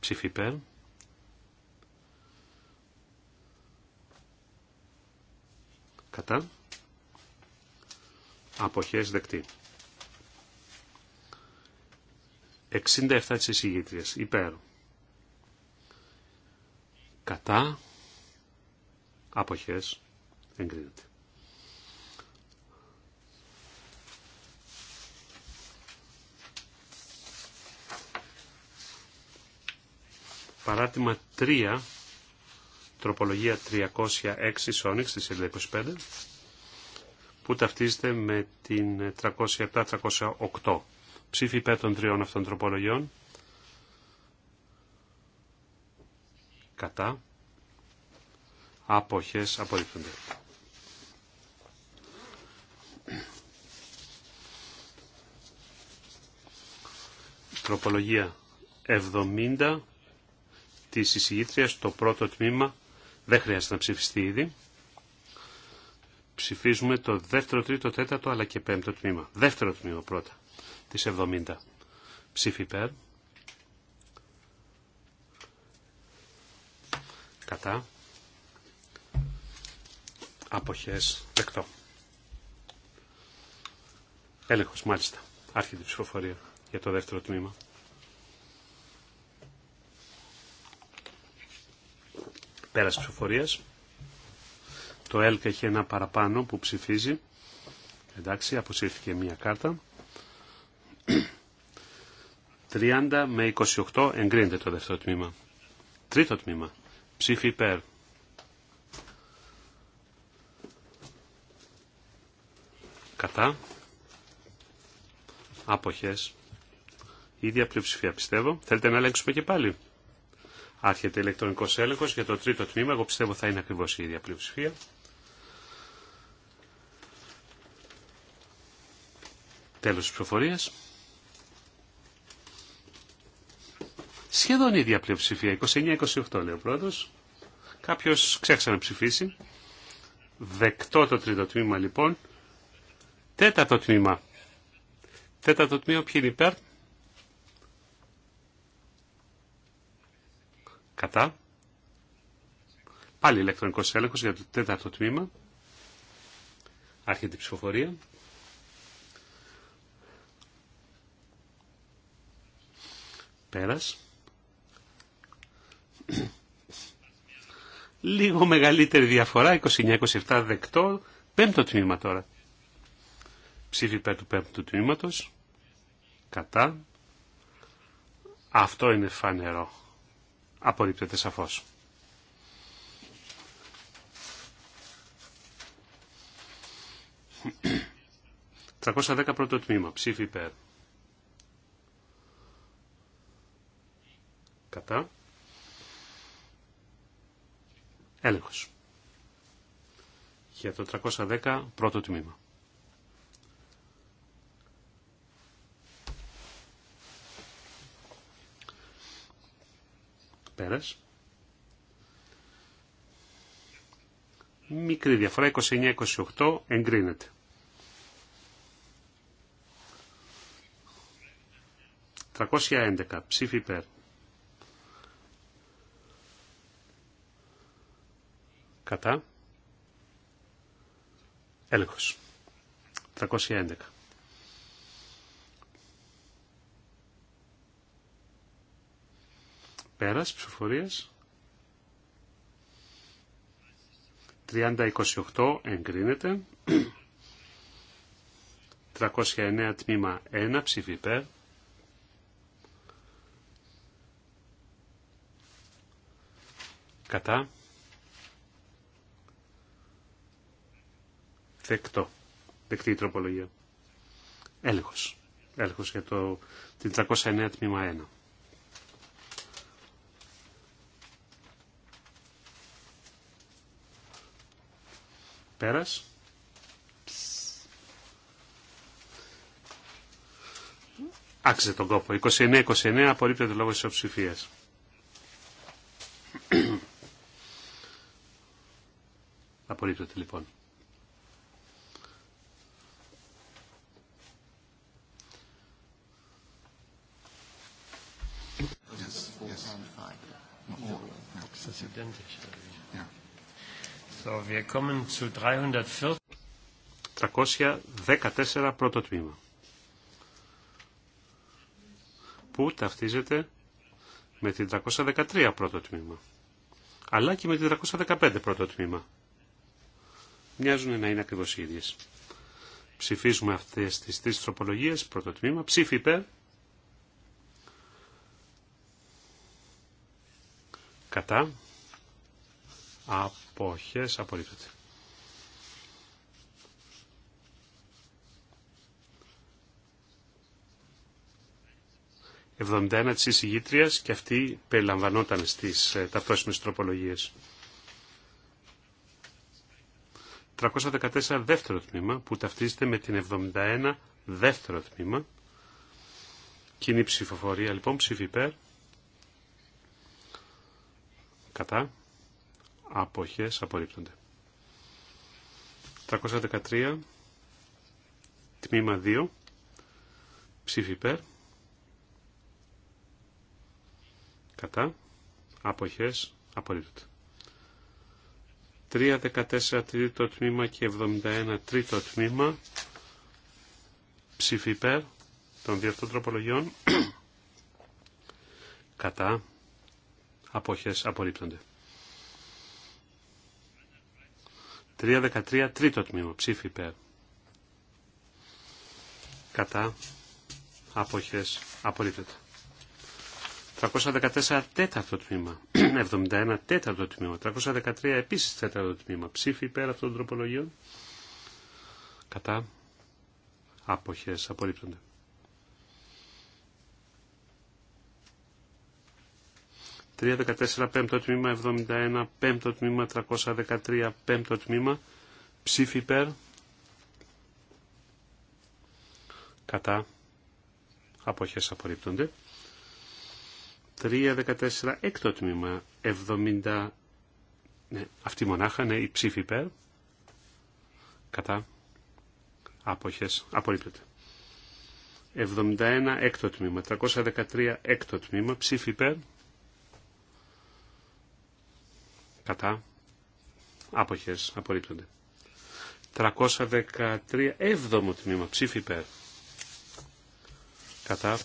ψήφι υπέρ. Κατά. Αποχές δεκτή. 67 της εισηγήτριας. Υπέρ. Κατά. Αποχές εγκρίνεται. Παράτημα 3, τροπολογία 306 Σόνιξ στη σελίδα 25, που ταυτίζεται με την 307-308. Ψήφι υπέρ των τριών αυτών τροπολογιών. Κατά. Αποχές απορρίπτονται. Τροπολογία 70 Τη εισηγήτριας, το πρώτο τμήμα δεν χρειάζεται να ψηφιστεί ήδη. Ψηφίζουμε το δεύτερο, τρίτο, τέταρτο αλλά και πέμπτο τμήμα. Δεύτερο τμήμα πρώτα, της 70. Ψήφι υπέρ. Κατά. Αποχές δεκτό. Έλεγχος μάλιστα. Άρχεται η ψηφοφορία για το δεύτερο τμήμα. Πέρας ψηφοφορίας. Το ΕΛΚ έχει ένα παραπάνω που ψηφίζει. Εντάξει, αποσύρθηκε μία κάρτα. 30 με 28 εγκρίνεται το δεύτερο τμήμα. Τρίτο τμήμα. Ψήφι υπέρ. Κατά. Αποχές. Ίδια πλειοψηφία πιστεύω. Θέλετε να ελέγξουμε και πάλι. Άρχεται ηλεκτρονικό έλεγχο για το τρίτο τμήμα. Εγώ πιστεύω θα είναι ακριβώς η ίδια πλειοψηφία. Τέλος τη προφορίας. Σχεδόν η ίδια πλειοψηφία. 29-28 λέει ο πρόεδρος. Κάποιος ξέχασε να ψηφίσει. Δεκτό το τρίτο τμήμα λοιπόν. Τέταρτο τμήμα. Τέταρτο τμήμα ποιοι είναι υπέρ. Κατά. Πάλι ηλεκτρονικός έλεγχος για το τέταρτο τμήμα. Άρχεται η ψηφοφορία. Πέρας. Λίγο μεγαλύτερη διαφορά, 29-27 δεκτό, πέμπτο τμήμα τώρα. Ψήφι υπέρ του πέμπτου τμήματος, κατά. Αυτό είναι φανερό. Απορρίπτεται σαφώς. «310 πρώτο τμήμα. Ψήφι υπέρ». Κατά. Έλεγχος. Για το 310 πρώτο τμήμα. μικρη Μικρή διαφορά, 29-28, εγκρίνεται. 311, ψήφι υπέρ. Κατά. Έλεγχος. 311. περας ψηφοφορία. ψηφοφορίας. 30-28 εγκρίνεται. 309 τμήμα 1 ψήφι υπέρ. Κατά. Δεκτό. Δεκτή η τροπολογία. Έλεγχος. Έλεγχος για το, την 309 τμήμα 1. Πέρας. Άξιζε τον κόπο. 29-29 απορρίπτεται λόγω οψηφίας. απορρίπτεται λοιπόν. 314. πρώτο τμήμα. Που ταυτίζεται με την 313 πρώτο τμήμα. Αλλά και με την 315 πρώτο τμήμα. Μοιάζουν να είναι ακριβώς οι ίδιες. Ψηφίζουμε αυτές τις τρεις τροπολογίες, πρώτο τμήμα, ψήφι υπέρ, κατά, αποχές απορρίπτεται. «71 της εισηγήτριας και αυτή περιλαμβανόταν στις ε, ταυτόσιμες τροπολογίες. 314 δεύτερο τμήμα που ταυτίζεται με την 71 δεύτερο τμήμα. Κοινή ψηφοφορία λοιπόν ψηφίπερ. Κατά αποχές απορρίπτονται. 313 τμήμα 2 ψήφι υπέρ κατά αποχές απορρίπτονται. 3.14 τρίτο τμήμα και 71 τρίτο τμήμα ψήφι υπέρ των δύο τροπολογιών κατά αποχές απορρίπτονται. 3.13 τρίτο τμήμα ψήφι υπέρ. Κατά αποχές απορρίπτεται. 314 τέταρτο τμήμα, 71 τέταρτο τμήμα, 313 επίσης τέταρτο τμήμα, ψήφι υπέρ αυτών των τροπολογιών. Κατά αποχές απορρίπτονται. 314 πέμπτο τμήμα, 71 πέμπτο τμήμα, 313 πέμπτο τμήμα, ψήφι υπέρ, κατά, αποχές απορρίπτονται. 314 έκτο τμήμα, 70, ναι, αυτή μονάχα είναι η ψήφι υπέρ, κατά, αποχές απορρίπτονται. 71 έκτο τμήμα, 313 έκτο τμήμα, ψήφι υπέρ, κατά άποχες απορρίπτονται. 313 έβδομο τμήμα ψήφι υπέρ κατά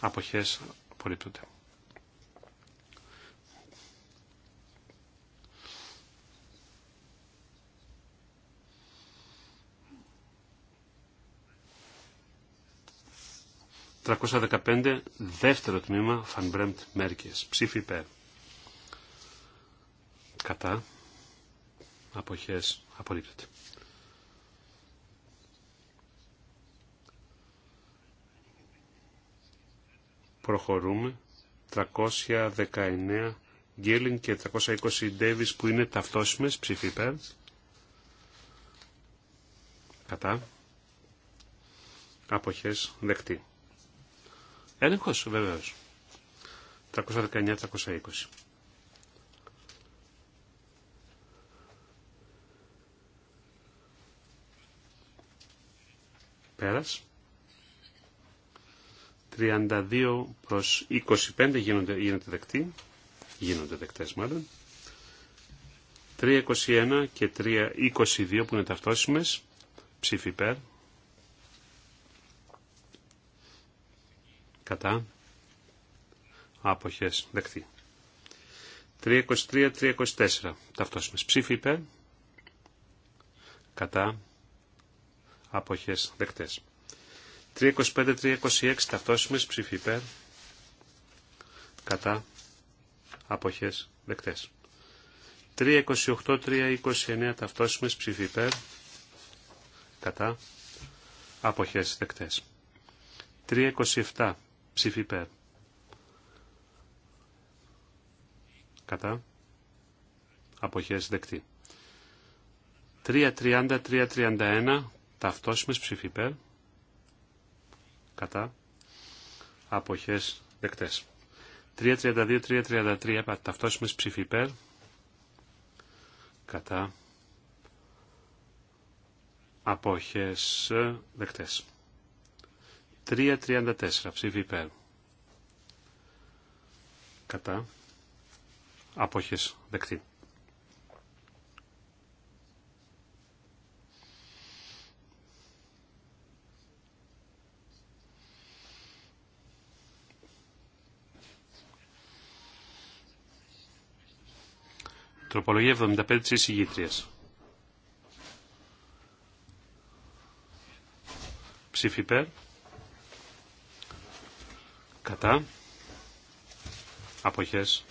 αποχές απορρίπτονται. «315, δεύτερο τμήμα, Φανμπρέμπτ Μέρκες, ψήφι υπέρ» κατά αποχές απορρίπτεται. Προχωρούμε. 319 Γκέλιν και 320 Ντέβις που είναι ταυτόσιμες υπέρ. Κατά. Αποχές δεκτή. Έλεγχος βεβαίως. 319-320. 32 προς 25 γίνονται, γίνεται δεκτή. Γίνονται δεκτές μάλλον. 321 και 322 που είναι ταυτόσιμες. Ψήφι υπέρ. Κατά. Άποχες. Δεκτή. 323-324. Ταυτόσιμες. Ψήφι υπέρ. Κατά αποχές δεκτές. 325-326 ταυτόσιμες ψήφι υπέρ κατά αποχές δεκτές. 328-329 ταυτόσιμες ψήφι υπέρ κατά αποχές δεκτές. 327 ψηφι υπέρ κατά αποχές δεκτή. 3.30-3.31 ταυτοσιμες ψήφοι ψήφι υπέρ, κατά, αποχές δεκτές. 3.32-3.33 ταυτόσιμες ψήφοι υπέρ, κατά, αποχές δεκτές. 3.34 ε, ψήφοι υπέρ, κατά, αποχές δεκτή. τροπολογία 75 της εισηγήτριας. Ψήφι υπέρ. Κατά. Αποχές.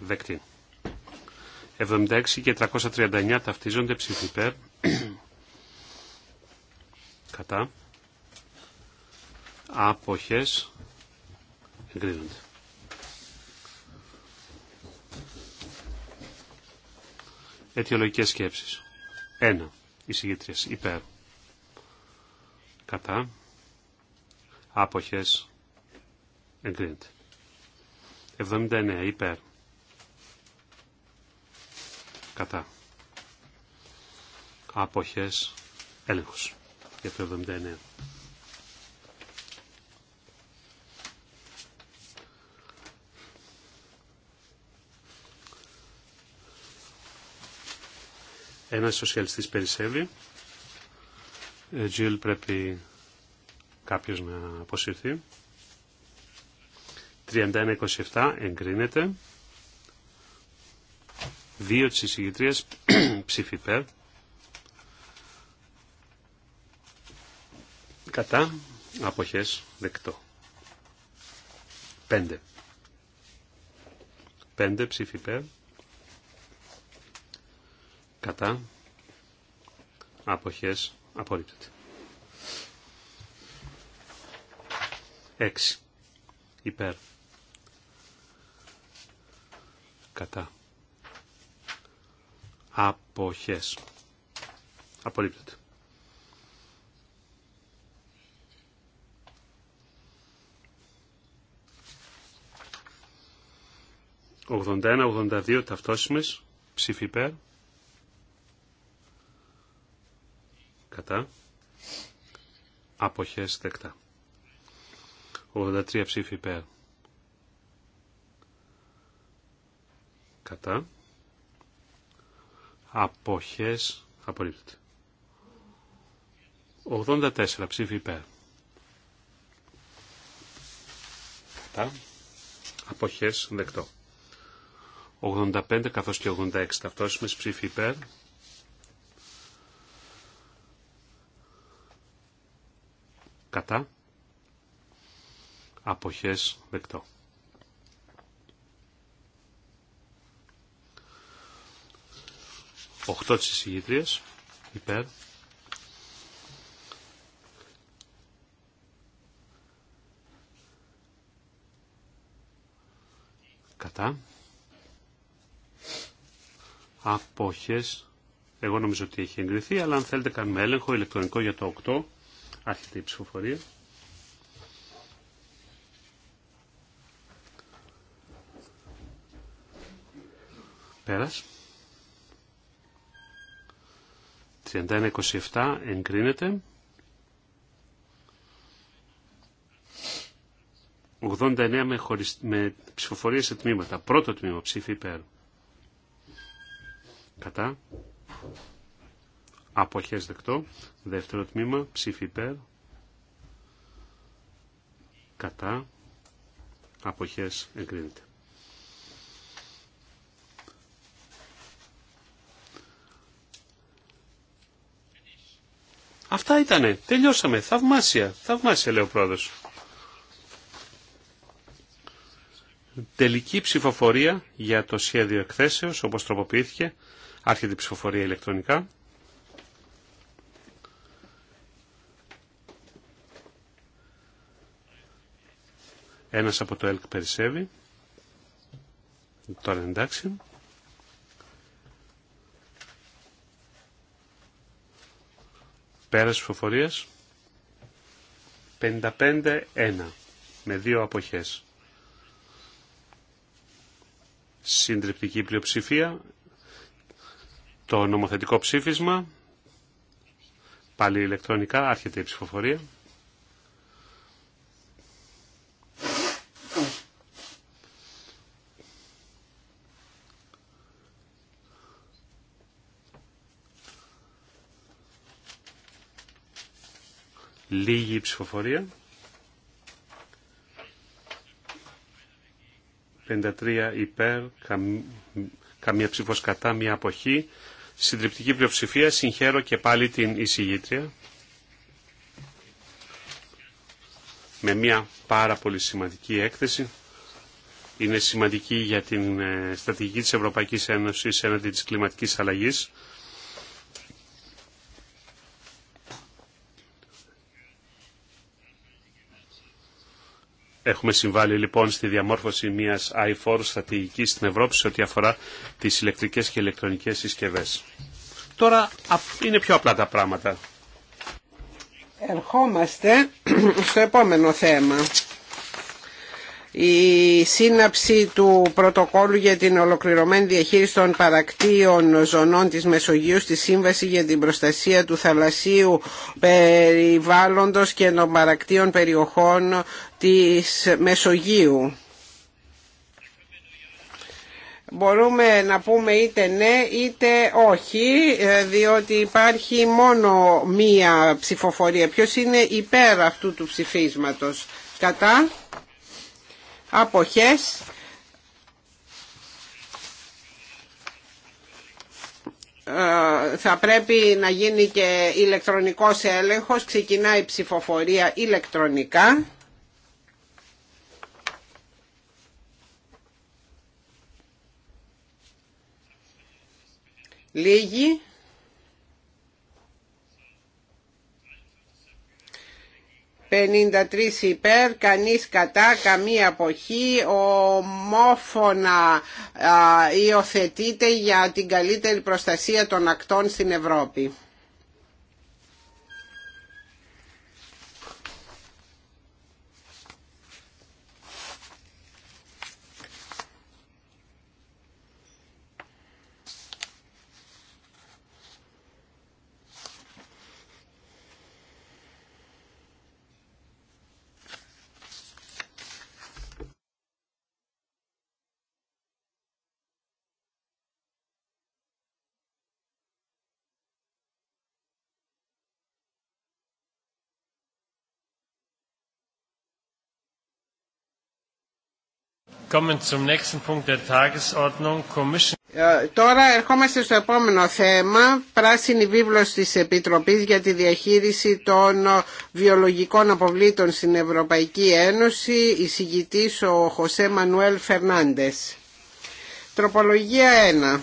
Δεκτή. 76 και 339 ταυτίζονται ψήφι υπέρ. Κατά. Αποχές. Εγκρίνονται. αιτιολογικές σκέψεις. 1. Εισηγήτριες υπέρ. Κατά. Άποχες. Εγκρίνεται. 79. Υπέρ. Κατά. Άποχες. Έλεγχος. Για το 79. Ένας σοσιαλιστής περισσεύει. Ε, Τζιλ πρέπει κάποιος να αποσυρθεί. 31-27 εγκρίνεται. Δύο της εισηγητρίας ψήφι υπέρ. Κατά αποχές δεκτό. 5. Πέντε ψήφι υπέρ κατά αποχές απορρίπτεται. 6 υπέρ κατά αποχές απορρίπτεται. ογδόντα δύο ταυτόσιμες, ψήφι υπέρ. κατά αποχές δεκτά. 83 ψήφοι υπέρ κατά αποχές απορρίπτεται. 84 ψήφοι υπέρ. Κατά. Αποχές δεκτό. 85 καθώς και 86 ταυτόσιμες ψήφοι υπέρ. κατά αποχές δεκτό. Οχτώ της εισηγήτριας υπέρ κατά αποχές εγώ νομίζω ότι έχει εγκριθεί αλλά αν θέλετε κάνουμε έλεγχο ηλεκτρονικό για το 8 Άρχεται η ψηφοφορία. Πέρας. 31-27 εγκρίνεται. 89 με, χωρισ... με ψηφοφορία σε τμήματα. Πρώτο τμήμα ψήφι υπέρ. Κατά αποχές δεκτό. Δεύτερο τμήμα, ψήφι υπέρ, κατά, αποχές εγκρίνεται. Αυτά ήτανε. Τελειώσαμε. Θαυμάσια. Θαυμάσια λέει ο πρόεδρος. Τελική ψηφοφορία για το σχέδιο εκθέσεως όπως τροποποιήθηκε. Άρχεται η ψηφοφορία ηλεκτρονικά. Ένας από το ΕΛΚ περισσεύει. Τώρα εντάξει. Πέρας ψηφοφορίας. 55-1 με δύο αποχές. Συντριπτική πλειοψηφία. Το νομοθετικό ψήφισμα. Πάλι ηλεκτρονικά άρχεται η ψηφοφορία. Λίγη ψηφοφορία. 53 υπέρ, καμ... καμία ψήφος κατά, μία αποχή. Συντριπτική πλειοψηφία. Συγχαίρω και πάλι την εισηγήτρια. Με μία πάρα πολύ σημαντική έκθεση. Είναι σημαντική για την ε, στρατηγική της Ευρωπαϊκής Ένωσης έναντι της κλιματικής αλλαγής Έχουμε συμβάλει λοιπόν στη διαμόρφωση μιας i4 στρατηγικής στην Ευρώπη σε ό,τι αφορά τις ηλεκτρικές και ηλεκτρονικές συσκευές. Τώρα είναι πιο απλά τα πράγματα. Ερχόμαστε στο επόμενο θέμα. Η σύναψη του πρωτοκόλου για την ολοκληρωμένη διαχείριση των παρακτήων ζωνών της Μεσογείου στη Σύμβαση για την Προστασία του Θαλασσίου Περιβάλλοντος και των Παρακτήων Περιοχών της Μεσογείου. Μπορούμε να πούμε είτε ναι είτε όχι, ε, διότι υπάρχει μόνο μία ψηφοφορία. Ποιος είναι υπέρ αυτού του ψηφίσματος. Κατά αποχές ε, θα πρέπει να γίνει και ηλεκτρονικός έλεγχος. Ξεκινάει η ψηφοφορία ηλεκτρονικά. Λίγοι. 53 υπέρ, κανείς κατά, καμία αποχή, ομόφωνα α, υιοθετείται για την καλύτερη προστασία των ακτών στην Ευρώπη. Ε, τώρα ερχόμαστε στο επόμενο θέμα, πράσινη βίβλος της Επιτροπής για τη διαχείριση των βιολογικών αποβλήτων στην Ευρωπαϊκή Ένωση, εισηγητής ο Χωσέ Μανουέλ Φερνάντες. Τροπολογία 1.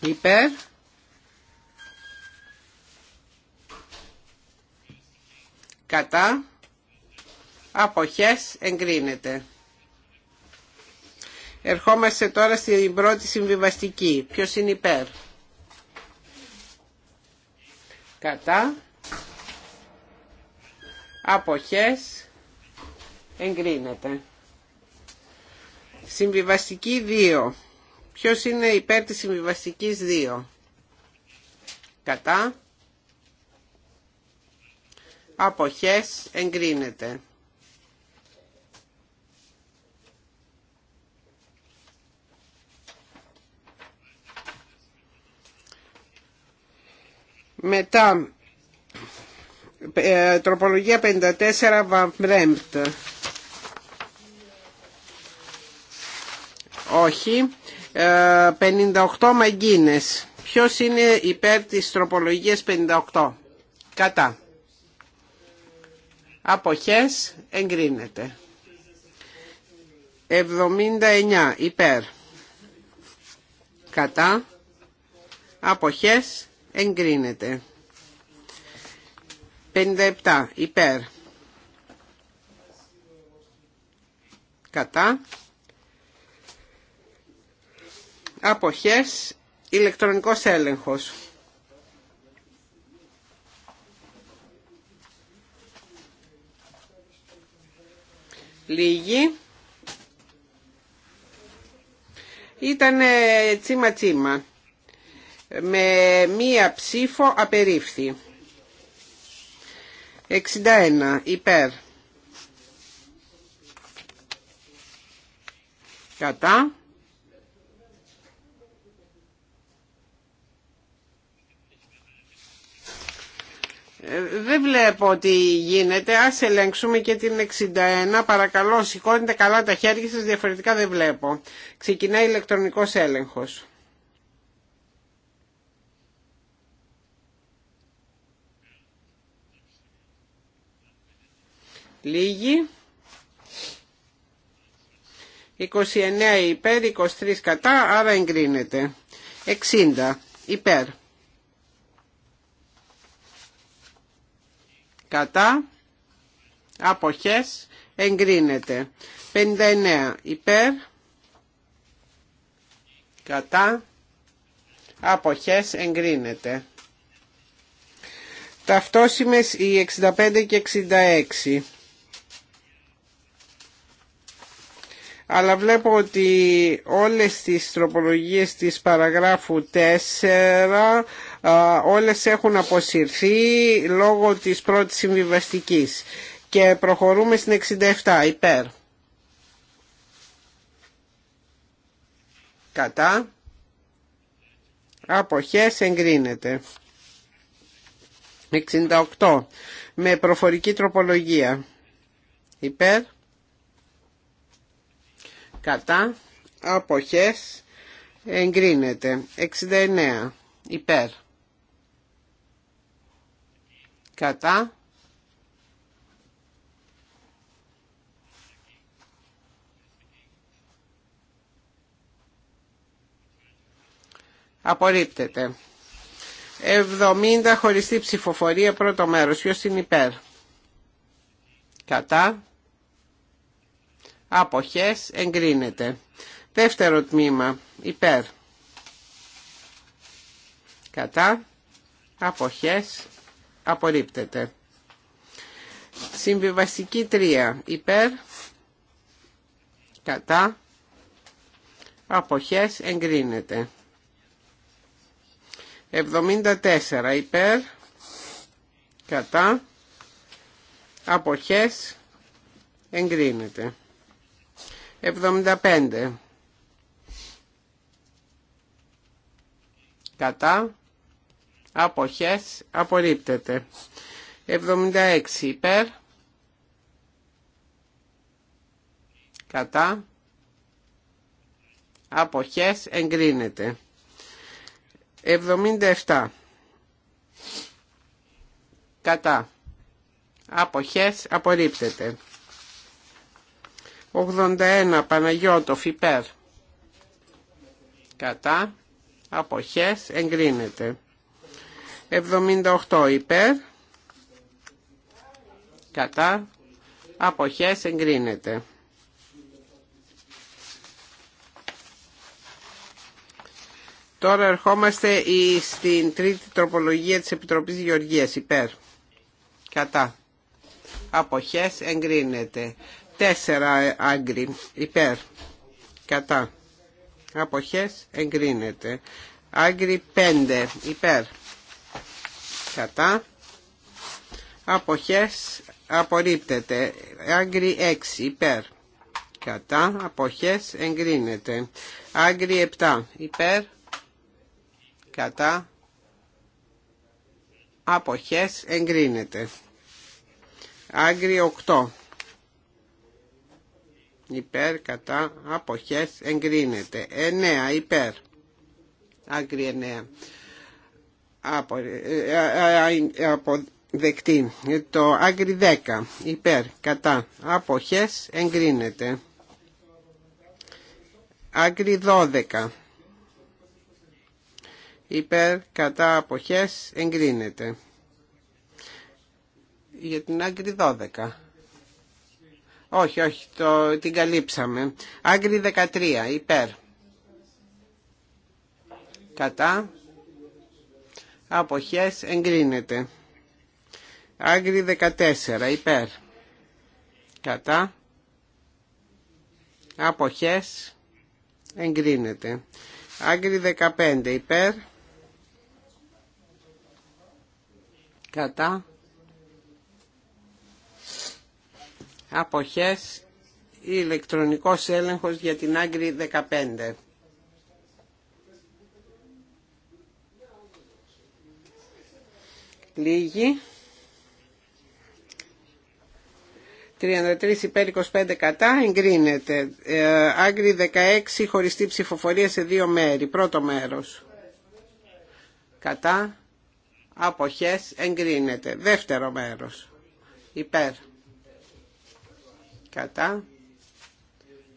Υπέρ. Κατά αποχές εγκρίνεται. Ερχόμαστε τώρα στην πρώτη συμβιβαστική. Ποιος είναι υπέρ. Κατά. Αποχές. Εγκρίνεται. Συμβιβαστική 2. Ποιος είναι υπέρ της συμβιβαστικής 2. Κατά. Αποχές εγκρίνεται. Μετά, ε, τροπολογία 54 Βαμπρέμπτ. Όχι. 58 ε, Μαγκίνες. Ποιος είναι υπέρ της τροπολογίας 58. Κατά. Αποχές εγκρίνεται. 79 υπέρ. Κατά. Αποχές εγκρίνεται. 57 υπέρ. Κατά. Αποχές. Ηλεκτρονικός έλεγχος. Λίγοι. Ήτανε τσίμα τσίμα με μία ψήφο απερίφθη. 61 υπέρ. Κατά. Ε, δεν βλέπω ότι γίνεται. Ας ελέγξουμε και την 61. Παρακαλώ, σηκώνετε καλά τα χέρια σας, διαφορετικά δεν βλέπω. Ξεκινάει ηλεκτρονικός έλεγχος. Λίγοι. 29 υπέρ, 23 κατά, άρα εγκρίνεται. 60 υπέρ. Κατά. Αποχές. Εγκρίνεται. 59 υπέρ. Κατά. Αποχές. Εγκρίνεται. Ταυτόσιμες οι 65 και 66 αλλά βλέπω ότι όλες τις τροπολογίες της παραγράφου 4 όλες έχουν αποσυρθεί λόγω της πρώτης συμβιβαστική. και προχωρούμε στην 67 υπέρ κατά αποχές εγκρίνεται 68 με προφορική τροπολογία υπέρ κατά αποχές εγκρίνεται 69 υπέρ κατά απορρίπτεται 70 χωριστή ψηφοφορία πρώτο μέρος ποιος είναι υπέρ κατά αποχές εγκρίνεται. Δεύτερο τμήμα υπέρ κατά αποχές απορρίπτεται. Συμβιβαστική 3 υπέρ κατά αποχές εγκρίνεται. 74 υπέρ κατά αποχές εγκρίνεται. 75 κατά αποχές απορρίπτεται 76 υπέρ κατά αποχές εγκρίνεται 77 κατά αποχές απορρίπτεται 81 Παναγιώτοφ υπέρ κατά αποχές εγκρίνεται 78 υπέρ κατά αποχές εγκρίνεται Τώρα ερχόμαστε στην τρίτη τροπολογία της Επιτροπής Γεωργίας υπέρ κατά αποχές εγκρίνεται 4 ε, άγκρι υπέρ κατά Αποχέ, εγκρίνεται άγκρι 5 υπέρ κατά απόχέ. απορρίπτεται άγκρι 6 υπέρ κατά απόχέ, εγκρίνεται άγκρι 7 υπέρ κατά Αποχέ εγκρίνεται άγκρι 8 υπέρ κατά αποχές εγκρίνεται 9 υπέρ άγκρι 9 Απο, ε, ε, ε, αποδεκτή το άγκρι 10 υπέρ κατά αποχές εγκρίνεται άγκρι 12 υπέρ κατά αποχές εγκρίνεται για την άγκρι 12 όχι, όχι, το, την καλύψαμε. Άγκρι 13, υπέρ. Κατά. Αποχές εγκρίνεται. Άγκρι 14, υπέρ. Κατά. Αποχές εγκρίνεται. Άγκρι 15, υπέρ. Κατά. αποχές ηλεκτρονικός έλεγχος για την άγκρη 15. Λίγοι. 33 υπέρ 25 κατά εγκρίνεται. Ε, Άγκρι 16 χωριστή ψηφοφορία σε δύο μέρη. Πρώτο μέρος. Κατά. Αποχές εγκρίνεται. Δεύτερο μέρος. Υπέρ κατά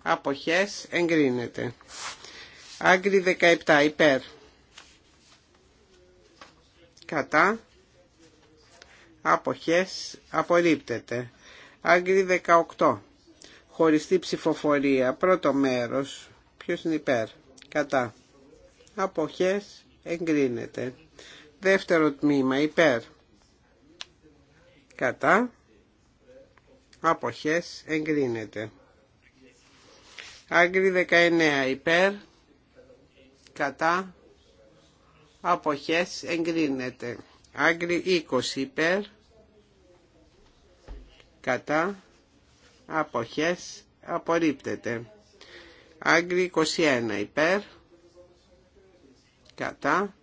αποχές εγκρίνεται άγκρι 17 υπέρ κατά αποχές απορρίπτεται άγκρι 18 χωριστή ψηφοφορία πρώτο μέρος ποιος είναι υπέρ κατά αποχές εγκρίνεται δεύτερο τμήμα υπέρ κατά αποχές εγκρίνεται. Άγκρι 19 υπέρ, κατά, αποχές εγκρίνεται. Άγκρι 20 υπέρ, κατά, αποχές απορρίπτεται. Άγκρι 21 υπέρ, κατά,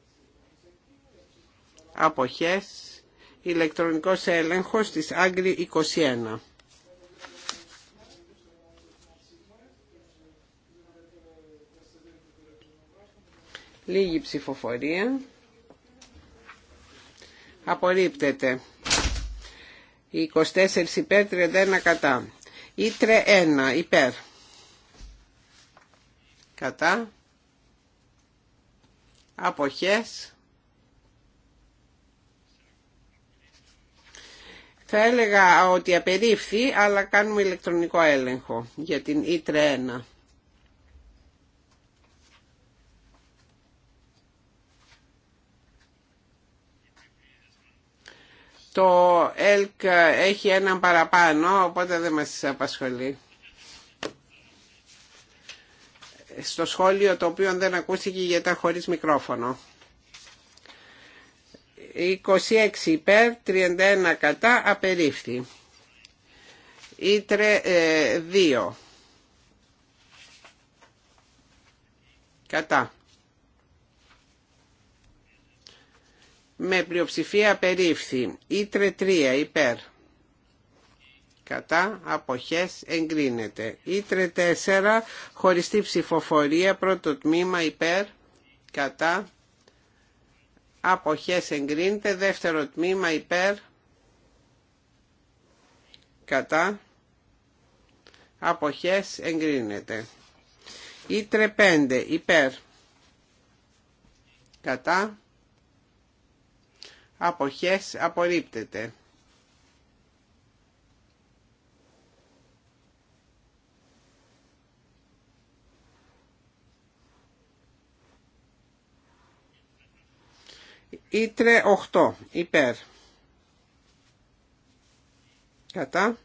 αποχές, ηλεκτρονικός έλεγχος της Άγκρι 21. Λίγη ψηφοφορία. Απορρίπτεται. 24 υπέρ, 31 κατά. Ήτρε 1 υπέρ. Κατά. Αποχές. Θα έλεγα ότι απερίφθη, αλλά κάνουμε ηλεκτρονικό έλεγχο για την Ήτρε 1. Το ΕΛΚ έχει έναν παραπάνω, οπότε δεν μας απασχολεί. Στο σχόλιο το οποίο δεν ακούστηκε γιατί τα χωρίς μικρόφωνο. 26 υπέρ, 31 κατά, απερίφθη. Ήτρε 2. Ε, κατά. με πλειοψηφία περίφθη. Ήτρε 3 υπέρ. Κατά αποχές εγκρίνεται. Ήτρε 4 χωριστή ψηφοφορία πρώτο τμήμα υπέρ. Κατά αποχές εγκρίνεται. Δεύτερο τμήμα υπέρ. Κατά αποχές εγκρίνεται. Ήτρε 5 υπέρ. Κατά αποχές απορρίπτεται. Ήτρε 8 υπέρ. Κατά.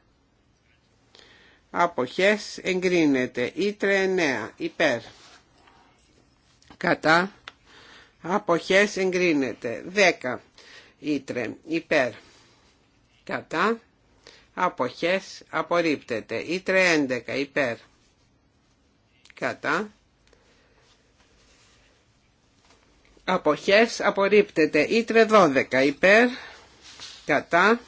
Αποχές εγκρίνεται. Ήτρε 9 υπέρ. Κατά. Αποχές εγκρίνεται. 10 Ήτρε υπέρ κατά αποχές απορρίπτεται. Ήτρε 11 υπέρ κατά αποχές απορρίπτεται. Ήτρε 12 υπέρ κατά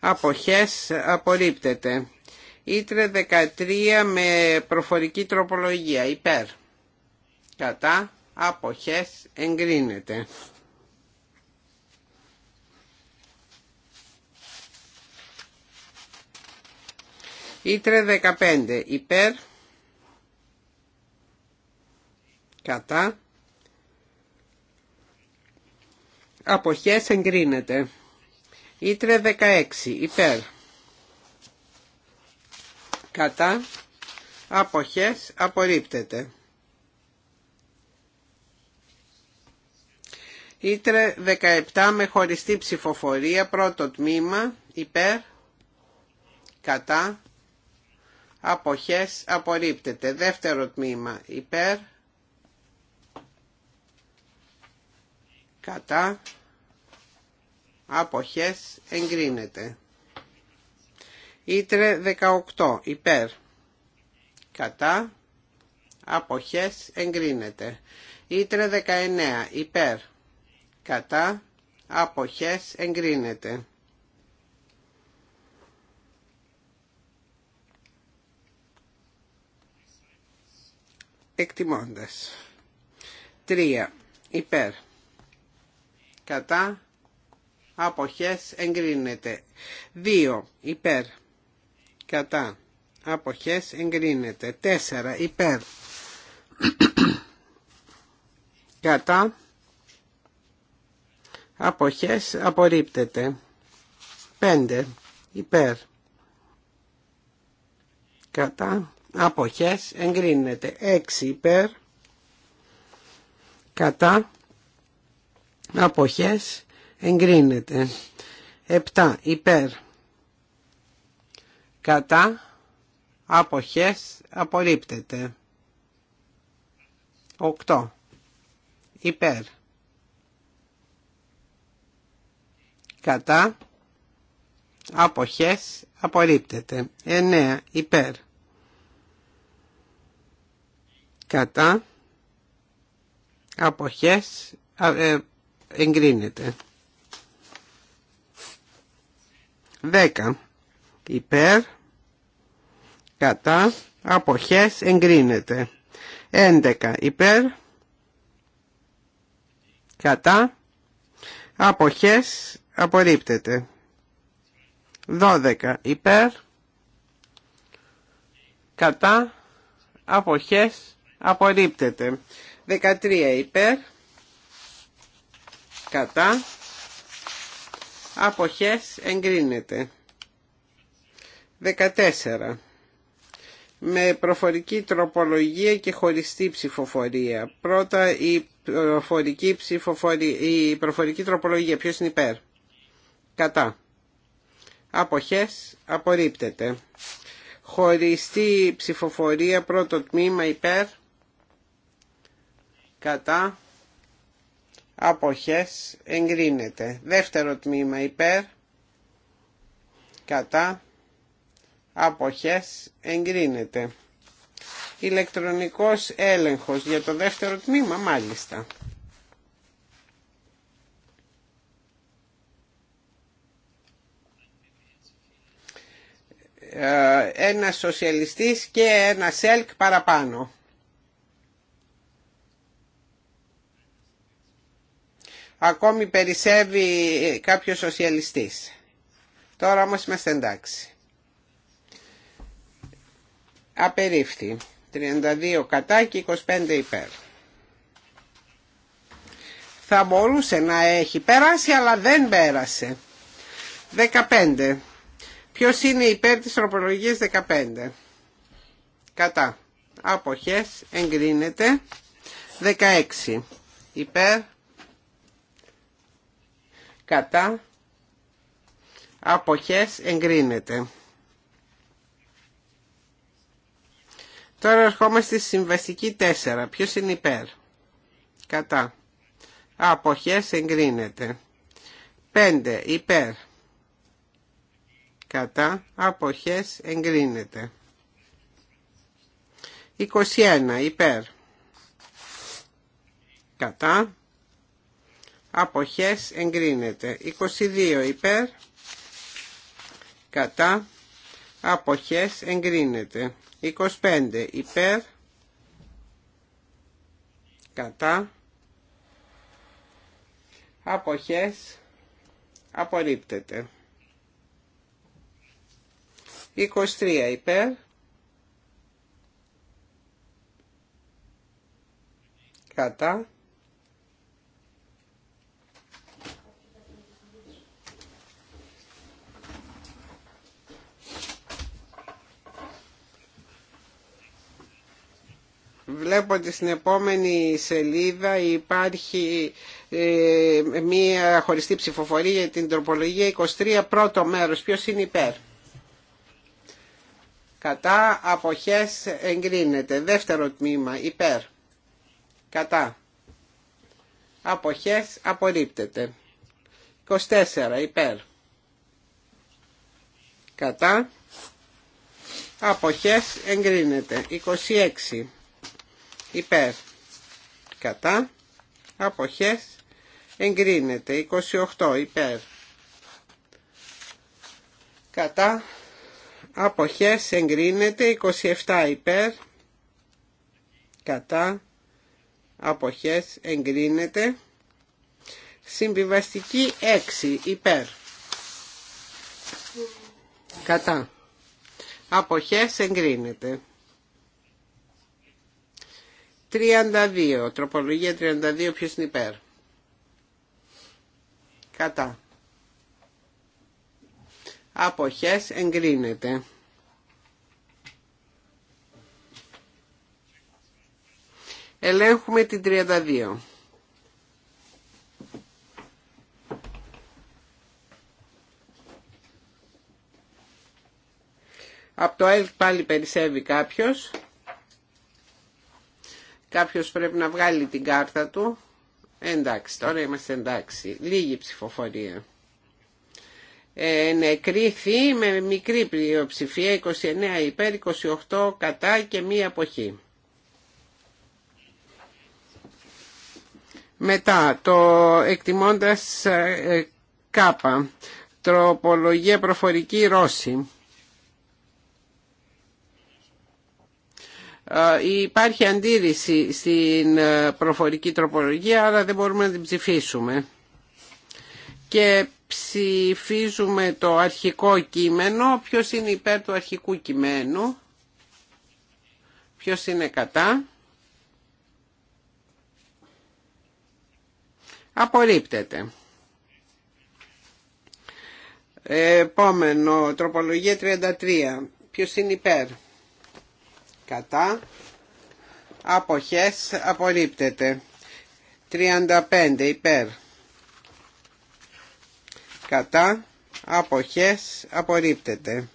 αποχές απορρίπτεται. Ήτρε 13 με προφορική τροπολογία υπέρ κατά αποχές εγκρίνεται. Ήτρε 15 υπέρ κατά αποχές εγκρίνεται. Ήτρε 16 υπέρ κατά αποχές απορρίπτεται. Ήτρε 17 με χωριστή ψηφοφορία, πρώτο τμήμα, υπέρ, κατά, αποχές απορρίπτεται. Δεύτερο τμήμα υπέρ, κατά, αποχές εγκρίνεται. Ήτρε 18 υπέρ, κατά, αποχές εγκρίνεται. Ήτρε 19 υπέρ, κατά, αποχές εγκρίνεται. εκτιμώντας. 3. Υπέρ. Κατά. Αποχές εγκρίνεται. 2. Υπέρ. Κατά. Αποχές εγκρίνεται. 4. Υπέρ. Κατά. Αποχές απορρίπτεται. 5. Υπέρ. Κατά αποχές εγκρίνεται 6 υπέρ κατά αποχές εγκρίνεται 7 υπέρ κατά αποχές απορρίπτεται 8 υπέρ κατά αποχές απορρίπτεται 9 υπέρ κατά αποχές ε, εγκρίνεται 10 υπέρ κατά αποχές εγκρίνεται 11 υπέρ κατά αποχές απορρίπτεται 12 υπέρ κατά αποχές απορρίπτεται. 13 υπέρ, κατά, αποχές εγκρίνεται. 14. Με προφορική τροπολογία και χωριστή ψηφοφορία. Πρώτα η προφορική, ψηφοφορία, η προφορική τροπολογία. Ποιος είναι υπέρ. Κατά. Αποχές απορρίπτεται. Χωριστή ψηφοφορία πρώτο τμήμα υπέρ κατά αποχές εγκρίνεται. Δεύτερο τμήμα υπέρ κατά αποχές εγκρίνεται. Ηλεκτρονικός έλεγχος για το δεύτερο τμήμα μάλιστα. Ε, ένα σοσιαλιστής και ένα σέλκ παραπάνω. ακόμη περισσεύει κάποιος σοσιαλιστής. Τώρα όμως είμαστε εντάξει. Απερίφθη. 32 κατά και 25 υπέρ. Θα μπορούσε να έχει περάσει αλλά δεν πέρασε. 15. Ποιος είναι υπέρ της τροπολογίας 15. Κατά. Αποχές εγκρίνεται. 16. Υπέρ κατά αποχές εγκρίνεται. Τώρα ερχόμαστε στη συμβαστική 4. Ποιος είναι υπέρ. Κατά. Αποχές εγκρίνεται. 5. Υπέρ. Κατά. Αποχές εγκρίνεται. 21. Υπέρ. Κατά αποχές εγκρίνεται 22 υπέρ κατά αποχές εγκρίνεται 25 υπέρ κατά αποχές απορρίπτεται 23 υπέρ κατά Βλέπω ότι στην επόμενη σελίδα υπάρχει ε, μία χωριστή ψηφοφορία για την τροπολογία 23 πρώτο μέρος. Ποιος είναι υπέρ. Κατά αποχές εγκρίνεται. Δεύτερο τμήμα υπέρ. Κατά. Αποχές απορρίπτεται. 24 υπέρ. Κατά. Αποχές εγκρίνεται. 26 υπέρ κατά αποχές εγκρίνεται 28 υπέρ κατά αποχές εγκρίνεται 27 υπέρ κατά αποχές εγκρίνεται συμβιβαστική 6 υπέρ κατά αποχές εγκρίνεται 32, τροπολογία 32, ποιος είναι υπέρ. Κατά. Αποχές εγκρίνεται. Ελέγχουμε την 32. Από το ΕΛΚ πάλι περισσεύει κάποιος. Κάποιος πρέπει να βγάλει την κάρτα του. Εντάξει, τώρα είμαστε εντάξει. Λίγη ψηφοφορία. Ε, με μικρή πλειοψηφία, 29 υπέρ, 28 κατά και μία αποχή. Μετά, το εκτιμώντας ε, ε κάπα, τροπολογία προφορική Ρώση. Ε, υπάρχει αντίρρηση στην ε, προφορική τροπολογία, αλλά δεν μπορούμε να την ψηφίσουμε. Και ψηφίζουμε το αρχικό κείμενο. Ποιος είναι υπέρ του αρχικού κειμένου. Ποιος είναι κατά. Απορρίπτεται. Επόμενο, τροπολογία 33. Ποιος είναι υπέρ κατά αποχές απορρίπτεται 35 υπέρ κατά αποχές απορρίπτεται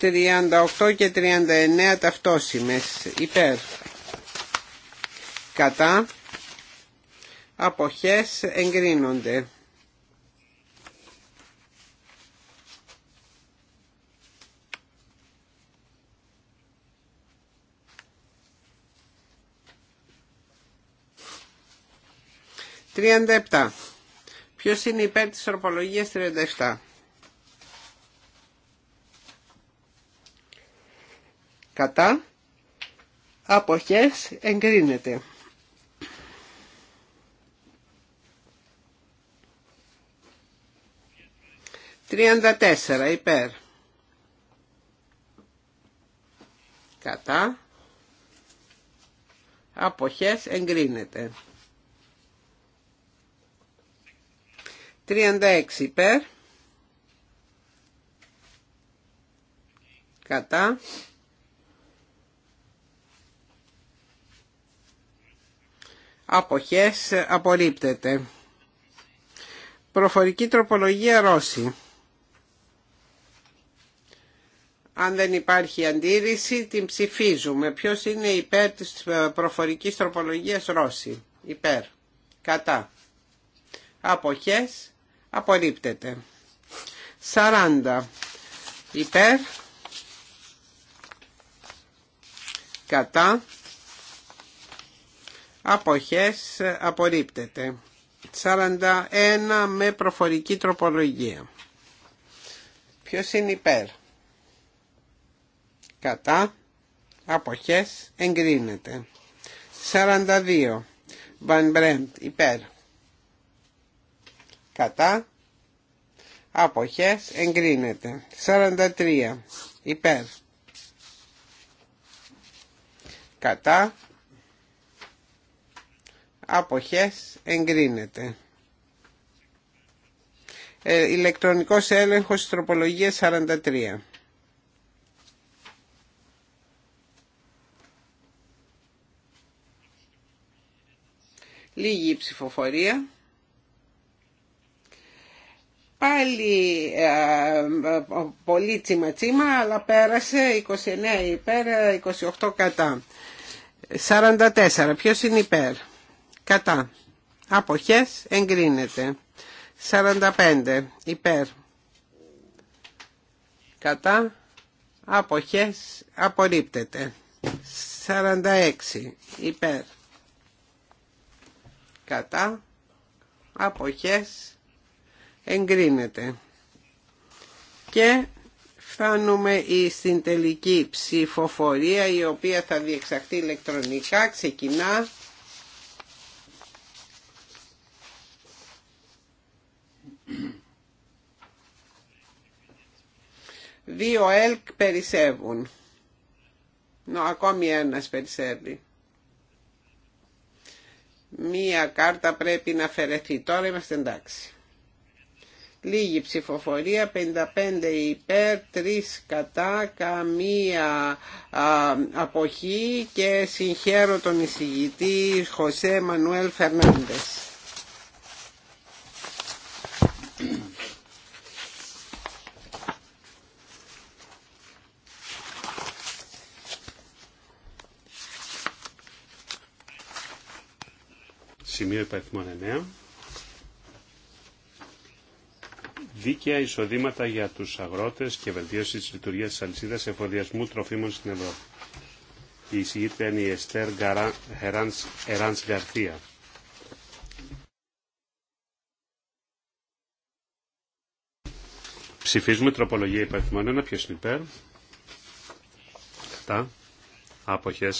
38 και 39 ταυτόσημες υπέρ κατά αποχές εγκρίνονται 37. Ποιος είναι υπέρ της ορπολογίας 37. Κατά. Αποχές εγκρίνεται. 34. τέσσερα υπέρ. Κατά. Αποχές εγκρίνεται. 36 υπέρ. Κατά. Αποχές απορρίπτεται. Προφορική τροπολογία Ρώση. Αν δεν υπάρχει αντίρρηση την ψηφίζουμε. Ποιος είναι υπέρ της προφορικής τροπολογίας Ρώση. Υπέρ. Κατά. Αποχές απορρίπτεται. 40 υπέρ, κατά, αποχές απορρίπτεται. 41 με προφορική τροπολογία. Ποιος είναι υπέρ. Κατά. Αποχές εγκρίνεται. 42. Βαν Μπρέμπτ υπέρ κατά αποχές εγκρίνεται 43 υπέρ κατά αποχές εγκρίνεται ε, ηλεκτρονικός έλεγχος τροπολογία 43 Λίγη ψηφοφορία πάλι ε, ε, πολύ τσιμα τσιμα αλλά πέρασε 29 υπέρ 28 ε, κατά 44 ποιος είναι υπέρ κατά αποχές εγκρίνεται 45 υπέρ κατά αποχές απορρίπτεται 46 υπέρ κατά αποχές εγκρίνεται. Και φτάνουμε στην τελική ψηφοφορία η οποία θα διεξαχθεί ηλεκτρονικά. Ξεκινά. Δύο ΕΛΚ περισσεύουν. Νο, ακόμη ένας περισσεύει. Μία κάρτα πρέπει να αφαιρεθεί. Τώρα είμαστε εντάξει. Λίγη ψηφοφορία, 55 υπέρ, 3 κατά, καμία α, αποχή και συγχαίρω τον εισηγητή Χωσέ Μανουέλ Φερνάντες. Σημείο υπαριθμών 9. δίκαια εισοδήματα για του αγρότε και βελτίωση της λειτουργία τη αλυσίδα εφοδιασμού τροφίμων στην Ευρώπη. Η εισηγήτρια είναι η Εστέρ Εράν Γκαρθία. Ψηφίζουμε τροπολογία υπαριθμών 1. ποιο είναι υπέρ. Κατά. Άποχε.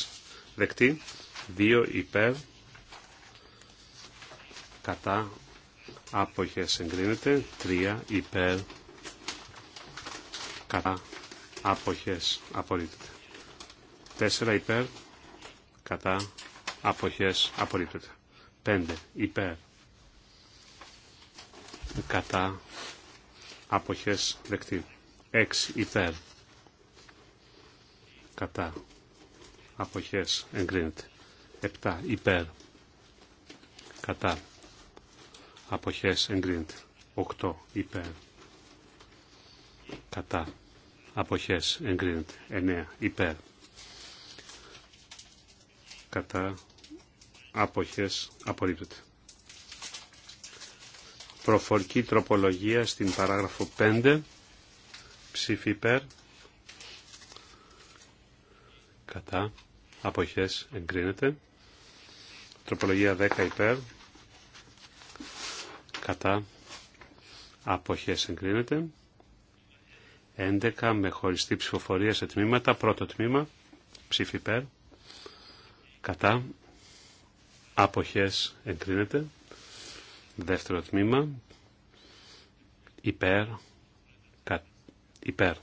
Δεκτή. 2 υπέρ. Κατά αποχές εγκρίνεται 3 υπέρ κατά αποχές απορρίπτεται 4 υπέρ κατά αποχές απορρίπτεται 5 υπέρ κατά αποχές δεκτή 6 υπέρ κατά αποχές εγκρίνεται 7 υπέρ κατά αποχές εγκρίνεται 8 υπέρ κατά αποχές εγκρίνεται 9 υπέρ κατά αποχές απορρίπτεται προφορική τροπολογία στην παράγραφο 5 ψήφι υπέρ κατά αποχές εγκρίνεται τροπολογία 10 υπέρ κατά αποχές εγκρίνεται. 11 με χωριστή ψηφοφορία σε τμήματα. Πρώτο τμήμα, ψήφι υπέρ, κατά αποχές εγκρίνεται. Δεύτερο τμήμα, υπέρ, κα, υπέρ.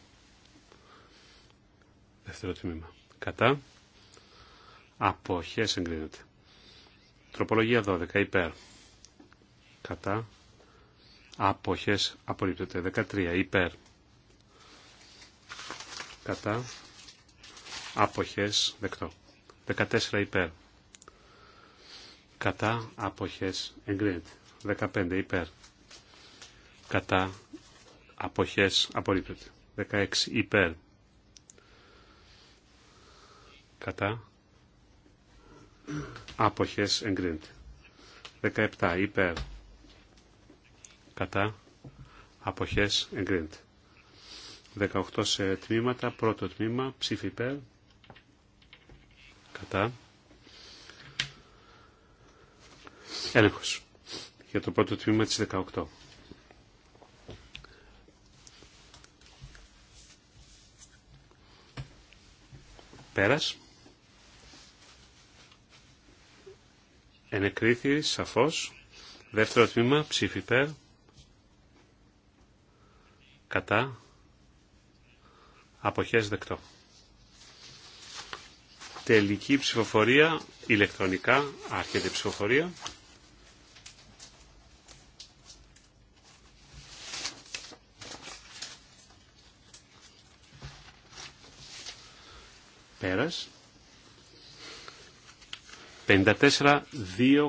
Δεύτερο τμήμα, κατά αποχές εγκρίνεται. Τροπολογία 12, υπέρ κατά αποχές απορρίπτεται 13 υπέρ κατά αποχές δεκτό 14 υπέρ κατά αποχές εγκρίνεται 15 υπέρ κατά αποχές απορρίπτεται 16 υπέρ κατά αποχές εγκρίνεται 17 υπέρ κατά αποχές εγκρίνεται. 18 σε τμήματα, πρώτο τμήμα, ψήφι υπέρ, κατά, έλεγχος για το πρώτο τμήμα της 18. Πέρας. Ενεκρίθη σαφώς. Δεύτερο τμήμα, ψήφι υπέρ κατά αποχές δεκτό. Τελική ψηφοφορία ηλεκτρονικά άρχεται η ψηφοφορία. Πέρας. 54-2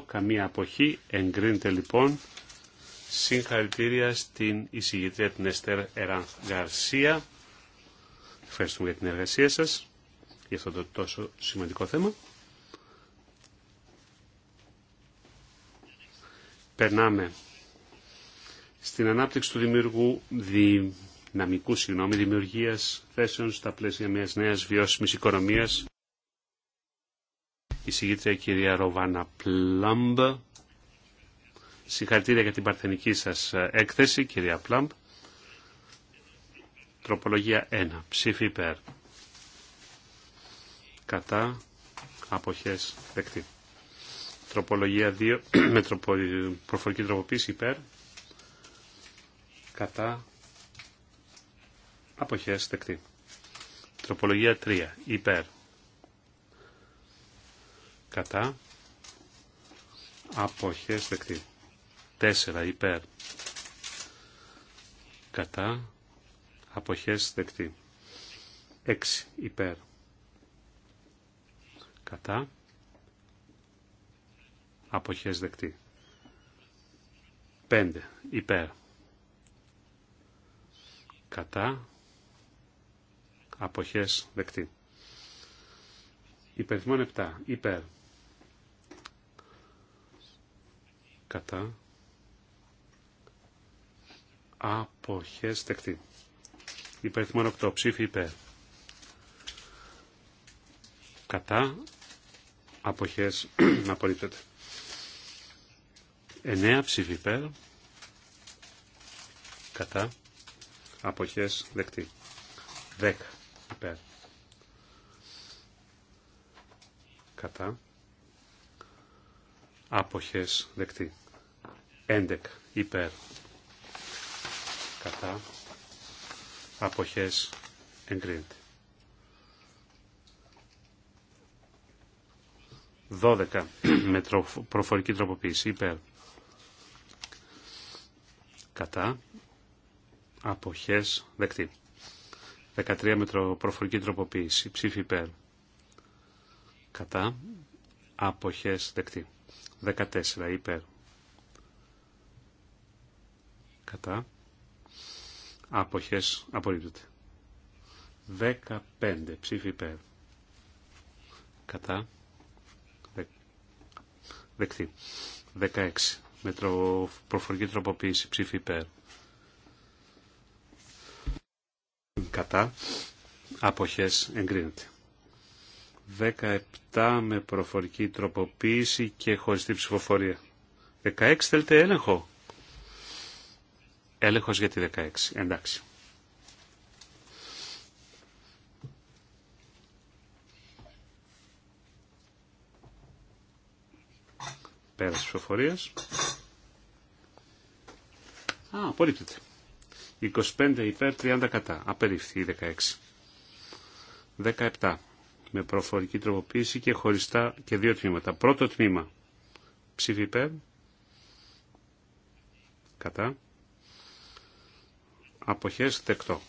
καμία αποχή εγκρίνεται λοιπόν Συγχαρητήρια στην εισηγητρία την Εστέρ Εράν Γκαρσία. Ευχαριστούμε για την εργασία σα για αυτό το τόσο σημαντικό θέμα. Περνάμε στην ανάπτυξη του δημιουργού δυναμικού συγγνώμη, δημιουργίας θέσεων στα πλαίσια μιας νέας βιώσιμης οικονομίας. Η συγγήτρια κυρία Ροβάνα Πλάμπ Συγχαρητήρια για την παρθενική σας ε, έκθεση, κυρία Πλάμπ. Τροπολογία 1. Ψήφι υπέρ. Κατά. Αποχές. Δεκτή. Τροπολογία 2. με προφορική τροποποίηση υπέρ. Κατά. Αποχές. Δεκτή. Τροπολογία 3. Υπέρ. Κατά. Αποχές. Δεκτή. 4 υπέρ κατά αποχές δεκτή 6 υπέρ κατά αποχές δεκτή 5 υπέρ κατά αποχές δεκτή υπερθυμών 7 υπέρ κατά αποχές δεκτή. 8 ψήφι υπέρ. Κατά αποχές απορρίπτεται. 9 ψήφι υπέρ. Κατά αποχές δεκτή. 10 υπέρ. Κατά αποχές δεκτή. 11 υπέρ κατά αποχές εγκρίνεται. 12 με προφορική τροποποίηση υπέρ κατά αποχές δεκτή. 13 με προφορική τροποποίηση ψήφι υπέρ κατά αποχές δεκτή. 14 υπέρ κατά Αποχές απορρίπτεται. 15 ψήφι υπέρ. Κατά. Δεκτή. 16 με τρο... προφορική τροποποίηση ψήφι υπέρ. Κατά. Αποχές εγκρίνεται. 17 με προφορική τροποποίηση και χωριστή ψηφοφορία. 16 θέλετε έλεγχο. Έλεγχος για τη 16. Εντάξει. Πέρας ψηφοφορίας. Α, απορρίπτεται. 25 υπέρ, 30 κατά. Απερίφθη η 16. 17. Με προφορική τροποποίηση και χωριστά και δύο τμήματα. Πρώτο τμήμα. Ψήφι υπέρ. Κατά αποχές δεκτό.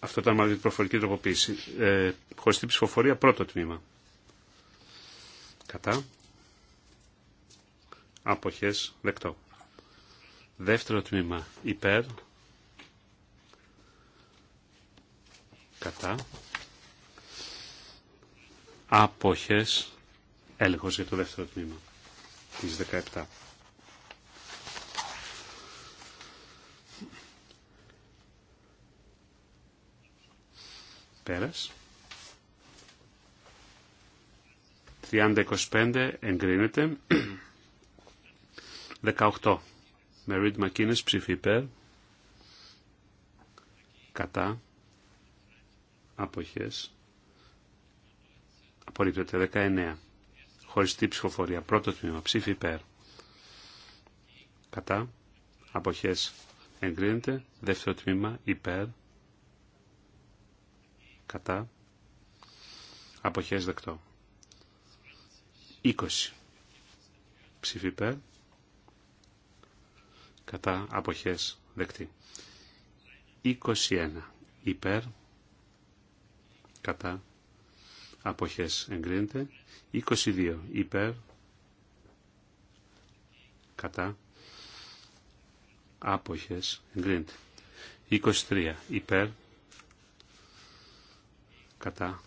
Αυτό ήταν μάλλον την προφορική τροποποίηση. Ε, την ψηφοφορία, πρώτο τμήμα. Κατά. Αποχές, δεκτό. Δεύτερο τμήμα, υπέρ. Κατά. Άποχες, έλεγχος για το δεύτερο τμήμα, της 17. Πέρας. 30-25 εγκρίνεται. 18. με Ρίτ Μακίνες ψηφί υπέρ. Κατά. Αποχές. Απορρίπτεται. 19. Χωριστή ψηφοφορία. Πρώτο τμήμα. Ψήφι υπέρ. Κατά. Αποχές. Εγκρίνεται. Δεύτερο τμήμα. Υπέρ κατά αποχές δεκτό. 20 ψήφι κατά αποχές δεκτή. 21 υπέρ κατά αποχές εγκρίνεται. 22 υπέρ κατά άποχες εγκρίνεται. 23 υπέρ κατά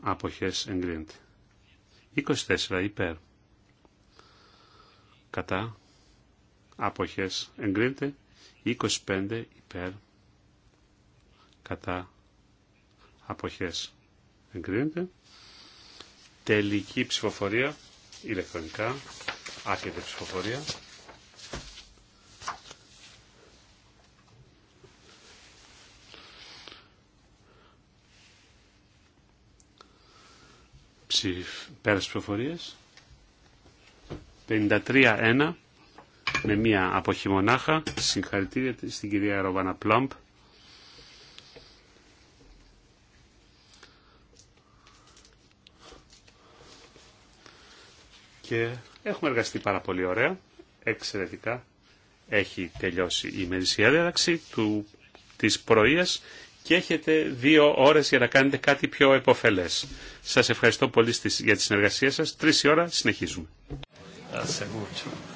αποχές εγκρίνεται. 24 υπέρ κατά αποχές εγκρίνεται. 25 υπέρ κατά αποχές εγκρίνεται. Τελική ψηφοφορία ηλεκτρονικά. Άρχεται ψηφοφορία. πέρα περας προφοριες προφορίας. 53-1 με μία αποχή μονάχα. Συγχαρητήρια στην κυρία Ροβάνα Πλόμπ. Και έχουμε εργαστεί πάρα πολύ ωραία. Εξαιρετικά έχει τελειώσει η ημερησία διάταξη του της πρωίας και έχετε δύο ώρες για να κάνετε κάτι πιο επωφελές. Σας ευχαριστώ πολύ για τη συνεργασία σας. Τρεις η ώρα συνεχίζουμε. Ah,